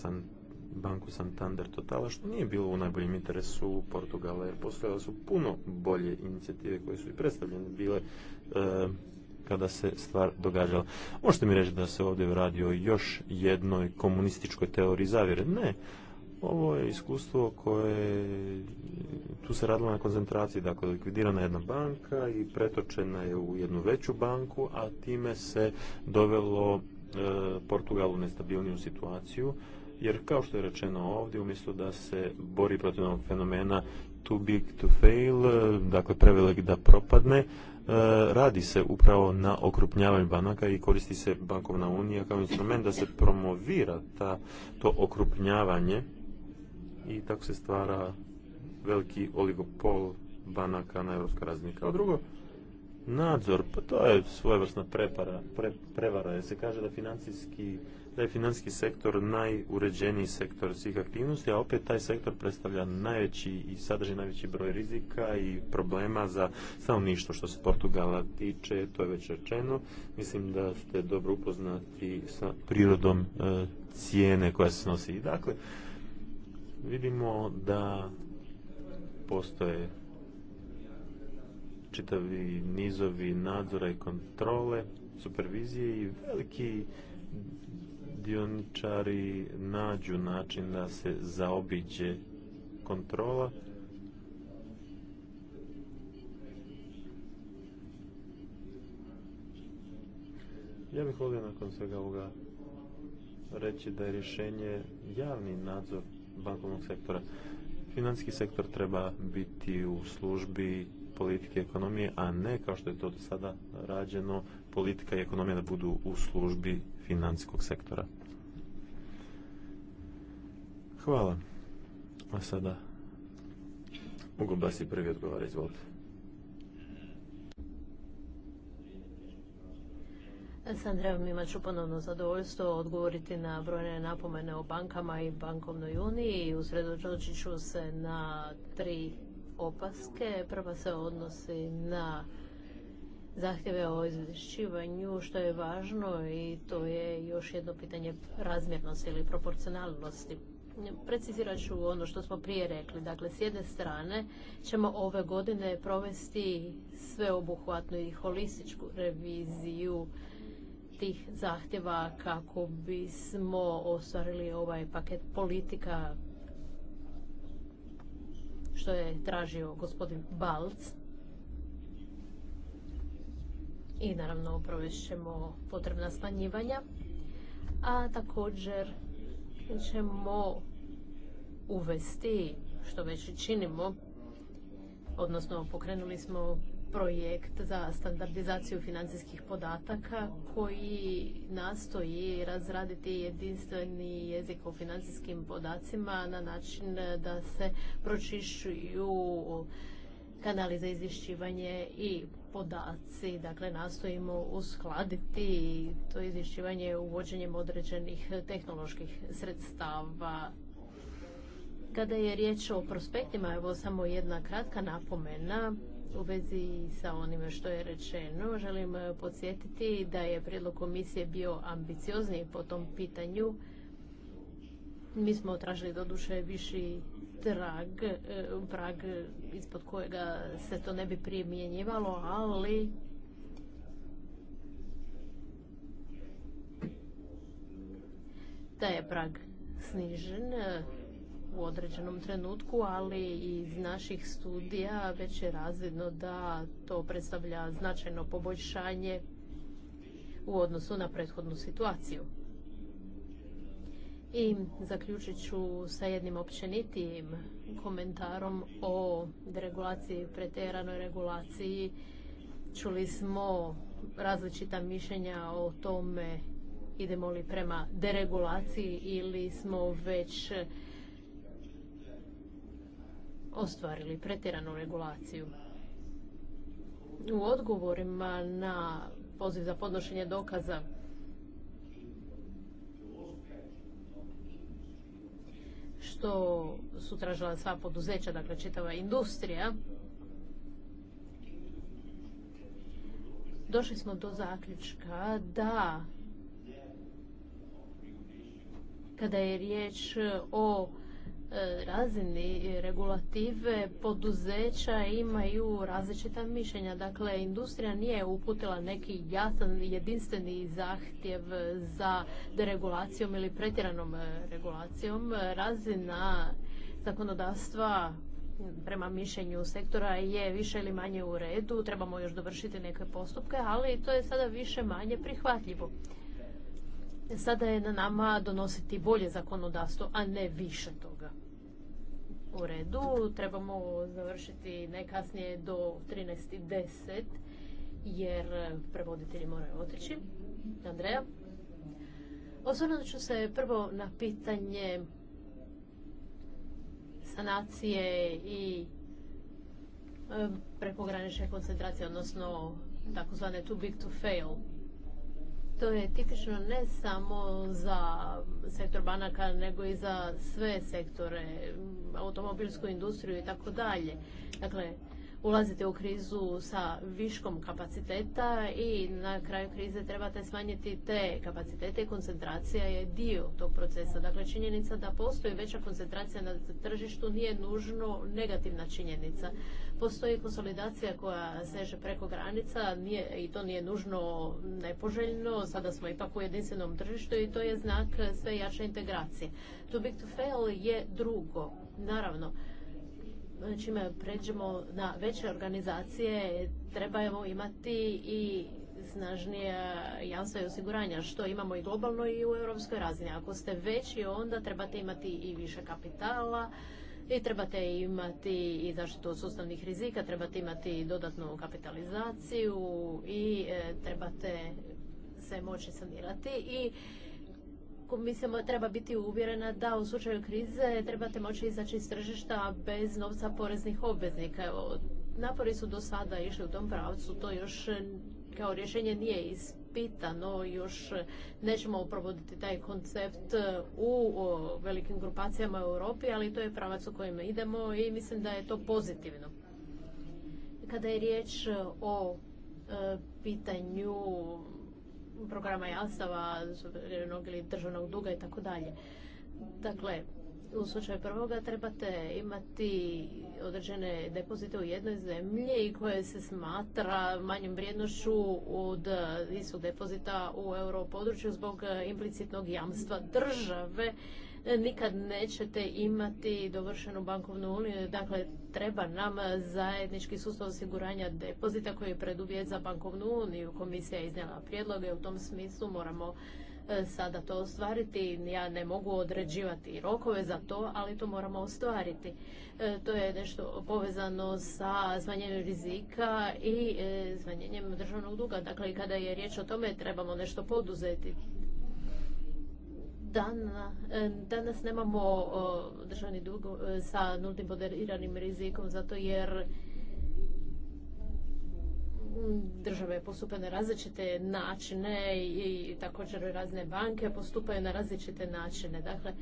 banku Santander Totala, što nije bilo u najboljem interesu Portugala, jer postojale su puno bolje inicijative koje su i predstavljene bile e, kada se stvar događala. Možete mi reći da se ovdje radi o još jednoj komunističkoj teoriji zavjere? Ne. Ovo je iskustvo koje, tu se radilo na koncentraciji, dakle likvidirana jedna banka i pretočena je u jednu veću banku, a time se dovelo e, Portugalu nestabilniju situaciju, jer kao što je rečeno ovdje, umjesto da se bori protiv ovog fenomena too big to fail, dakle prevelik da propadne, e, radi se upravo na okrupnjavanju banaka i koristi se bankovna unija kao instrument da se promovira to okrupnjavanje i tako se stvara veliki oligopol banaka na europskoj razini. Kao drugo, nadzor, pa to je svojevrsna prepara, prevara, jer se kaže da financijski da je financijski sektor najuređeniji sektor svih aktivnosti, a opet taj sektor predstavlja najveći i sadrži najveći broj rizika i problema za samo ništo što se Portugala tiče, to je već rečeno. Mislim da ste dobro upoznati sa prirodom e, cijene koja se nosi. Dakle, vidimo da postoje čitavi nizovi nadzora i kontrole, supervizije i veliki dioničari nađu način da se zaobiđe kontrola. Ja bih volio nakon svega ovoga reći da je rješenje javni nadzor bankovnog sektora. Financijski sektor treba biti u službi politike i ekonomije, a ne kao što je to do sada rađeno, politika i ekonomija da budu u službi financijskog sektora. Hvala. A sada Ugo Basi prvi odgovara, izvolite. Sandra, imat ću ponovno zadovoljstvo odgovoriti na brojne napomene o bankama i bankovnoj uniji i usredočit ću se na tri opaske. Prva se odnosi na zahtjeve o izvješćivanju, što je važno i to je još jedno pitanje razmjernosti ili proporcionalnosti. Precizirat ću ono što smo prije rekli. Dakle, s jedne strane ćemo ove godine provesti sveobuhvatnu i holističku reviziju tih zahtjeva kako bismo ostvarili ovaj paket politika što je tražio gospodin Balc i naravno ćemo potrebna smanjivanja, a također ćemo uvesti, što već činimo, odnosno pokrenuli smo projekt za standardizaciju financijskih podataka koji nastoji razraditi jedinstveni jezik o financijskim podacima na način da se pročišćuju kanali za izvješćivanje i podaci. Dakle, nastojimo uskladiti to izvješćivanje uvođenjem određenih tehnoloških sredstava. Kada je riječ o prospektima, evo samo jedna kratka napomena u vezi sa onime što je rečeno. Želim e, podsjetiti da je prijedlog komisije bio ambiciozniji po tom pitanju. Mi smo tražili doduše viši drag, e, prag ispod kojega se to ne bi primjenjivalo, ali da je prag snižen e, u određenom trenutku, ali iz naših studija već je razvidno da to predstavlja značajno poboljšanje u odnosu na prethodnu situaciju. I zaključit ću sa jednim općenitijim komentarom o deregulaciji, pretjeranoj regulaciji. Čuli smo različita mišljenja o tome idemo li prema deregulaciji ili smo već ostvarili pretjeranu regulaciju. U odgovorima na poziv za podnošenje dokaza što su tražila sva poduzeća, dakle čitava industrija, došli smo do zaključka da kada je riječ o E, razini regulative poduzeća imaju različita mišljenja. Dakle, industrija nije uputila neki jasan, jedinstveni zahtjev za deregulacijom ili pretjeranom e, regulacijom. Razina zakonodavstva prema mišljenju sektora je više ili manje u redu, trebamo još dovršiti neke postupke, ali to je sada više manje prihvatljivo. Sada je na nama donositi bolje zakonodavstvo, a ne više toga. U redu, trebamo završiti najkasnije do 13.10 jer prevoditelji moraju otići. Andreja? Osvrnut ću se prvo na pitanje sanacije i e, prekogranične koncentracije, odnosno takozvane too big to fail. To je tipično ne samo za sektor banaka, nego i za sve sektore, automobilsku industriju i tako dalje. Dakle, ulazite u krizu sa viškom kapaciteta i na kraju krize trebate smanjiti te kapacitete i koncentracija je dio tog procesa. Dakle, činjenica da postoji veća koncentracija na tržištu nije nužno negativna činjenica postoji konsolidacija koja seže preko granica nije, i to nije nužno nepoželjno. Sada smo ipak u jedinstvenom tržištu i to je znak sve jače integracije. To big to fail je drugo. Naravno, čime znači, pređemo na veće organizacije, trebamo imati i snažnije jamstva i osiguranja, što imamo i globalno i u europskoj razini. Ako ste veći, onda trebate imati i više kapitala, i trebate imati i zaštitu od sustavnih rizika, trebate imati dodatnu kapitalizaciju i e, trebate se moći sanirati i komisija treba biti uvjerena da u slučaju krize trebate moći izaći iz tržišta bez novca poreznih obveznika. napori su do sada išli u tom pravcu, to još kao rješenje nije iz pitano, još e, nećemo provoditi taj koncept e, u velikim grupacijama u Europi, ali to je pravac u kojem idemo i mislim da je to pozitivno. Kada je riječ e, o pitanju programa jamstava, ili državnog duga i tako dalje. Dakle, u slučaju prvoga trebate imati određene depozite u jednoj zemlji i koje se smatra manjom vrijednošću od istog depozita u europodručju zbog implicitnog jamstva države. Nikad nećete imati dovršenu bankovnu uniju, dakle treba nam zajednički sustav osiguranja depozita koji je preduvjet za bankovnu uniju. Komisija je iznijela prijedloge, u tom smislu moramo E, sada to ostvariti. Ja ne mogu određivati rokove za to, ali to moramo ostvariti. E, to je nešto povezano sa smanjenjem rizika i e, smanjenjem državnog duga. Dakle, kada je riječ o tome, trebamo nešto poduzeti. danas nemamo državni dug sa nultim poderiranim rizikom, zato jer države postupaju na različite načine i također razne banke postupaju na različite načine. Dakle,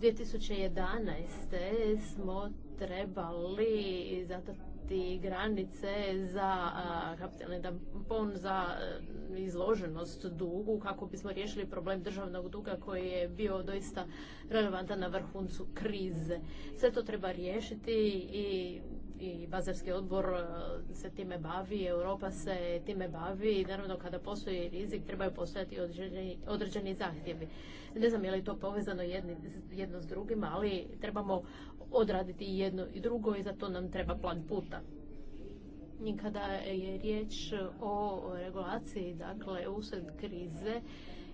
2011. smo trebali zadati granice za kapitalni tampon, za izloženost dugu kako bismo riješili problem državnog duga koji je bio doista relevantan na vrhuncu krize. Sve to treba riješiti i i Bazarski odbor e, se time bavi, Europa se time bavi i naravno kada postoji rizik trebaju postojati određeni, određeni zahtjevi. Ne znam je li to povezano jedno s drugim, ali trebamo odraditi jedno i drugo i za to nam treba plan puta. I kada je riječ o regulaciji, dakle, usred krize,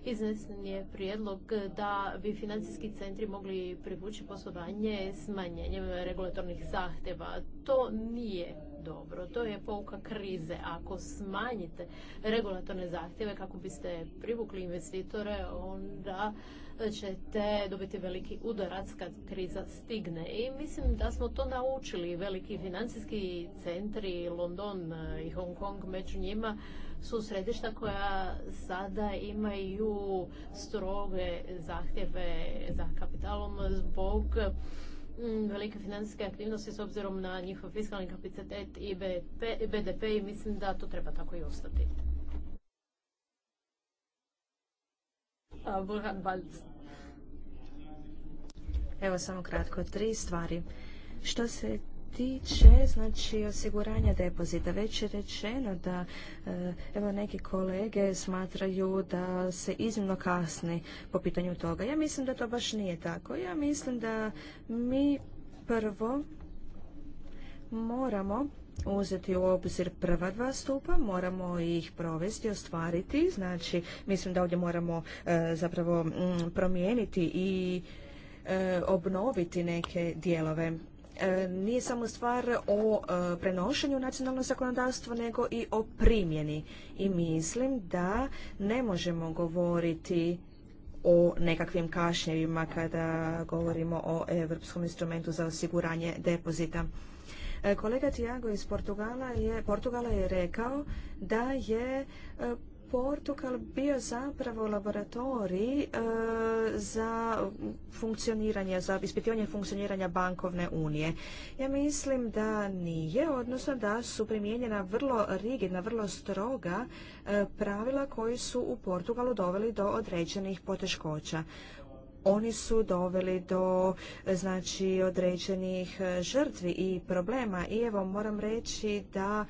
Iznesen je prijedlog da bi financijski centri mogli privući poslovanje smanjenjem regulatornih zahtjeva. To nije dobro. To je pouka krize. Ako smanjite regulatorne zahtjeve kako biste privukli investitore, onda ćete dobiti veliki udarac kad kriza stigne. I mislim da smo to naučili. Veliki financijski centri, London i Hong Kong među njima, su središta koja sada imaju stroge zahtjeve za kapitalom zbog mm, velike financijske aktivnosti s obzirom na njihov fiskalni kapacitet i BDP i mislim da to treba tako i ostati. Evo samo kratko, tri stvari. Što se tiče znači osiguranja depozita, već je rečeno da e, evo neki kolege smatraju da se iznimno kasni po pitanju toga. Ja mislim da to baš nije tako. Ja mislim da mi prvo moramo uzeti u obzir prva dva stupa, moramo ih provesti, ostvariti. Znači, mislim da ovdje moramo e, zapravo promijeniti i e, obnoviti neke dijelove E, nije samo stvar o e, prenošenju nacionalnog zakonodavstva, nego i o primjeni. I mislim da ne možemo govoriti o nekakvim kašnjevima kada govorimo o Europskom instrumentu za osiguranje depozita. E, kolega Tiago iz Portugala je, Portugala je rekao da je Portugal bio zapravo laboratorij e, za funkcioniranje, za ispitivanje funkcioniranja bankovne unije. Ja mislim da nije, odnosno da su primijenjena vrlo rigidna, vrlo stroga e, pravila koji su u Portugalu doveli do određenih poteškoća oni su doveli do znači određenih e, žrtvi i problema i evo moram reći da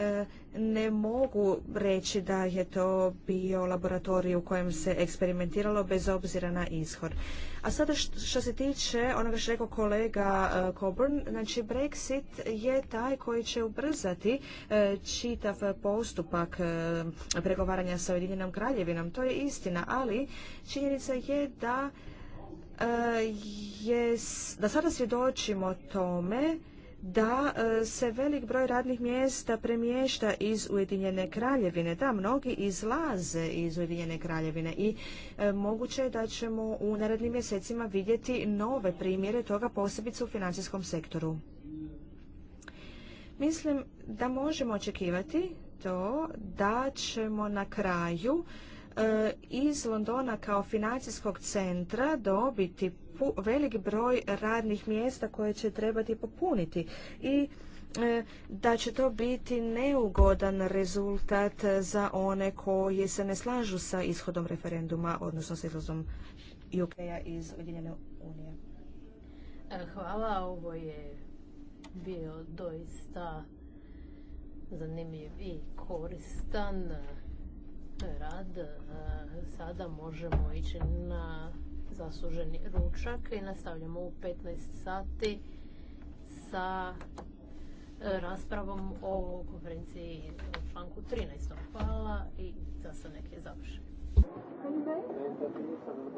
E, ne mogu reći da je to bio laboratorij u kojem se eksperimentiralo bez obzira na ishod. A sada što se tiče onoga što je rekao kolega e, Coburn, znači Brexit je taj koji će ubrzati e, čitav postupak pregovaranja sa Ujedinjenom kraljevinom. To je istina, ali činjenica je da je, da sada svjedočimo tome da e, se velik broj radnih mjesta premješta iz Ujedinjene kraljevine. Da, mnogi izlaze iz Ujedinjene kraljevine i e, moguće je da ćemo u narednim mjesecima vidjeti nove primjere toga posebice u financijskom sektoru. Mislim da možemo očekivati to da ćemo na kraju e, iz Londona kao financijskog centra dobiti veliki velik broj radnih mjesta koje će trebati popuniti i e, da će to biti neugodan rezultat za one koji se ne slažu sa ishodom referenduma, odnosno sa izlazom UK-a iz Ujedinjene unije. E, hvala, ovo je bio doista zanimljiv i koristan rad. E, sada možemo ići na zasluženi ručak i nastavljamo u 15 sati sa e, raspravom o konferenciji u članku 13. Hvala i da se neke završe.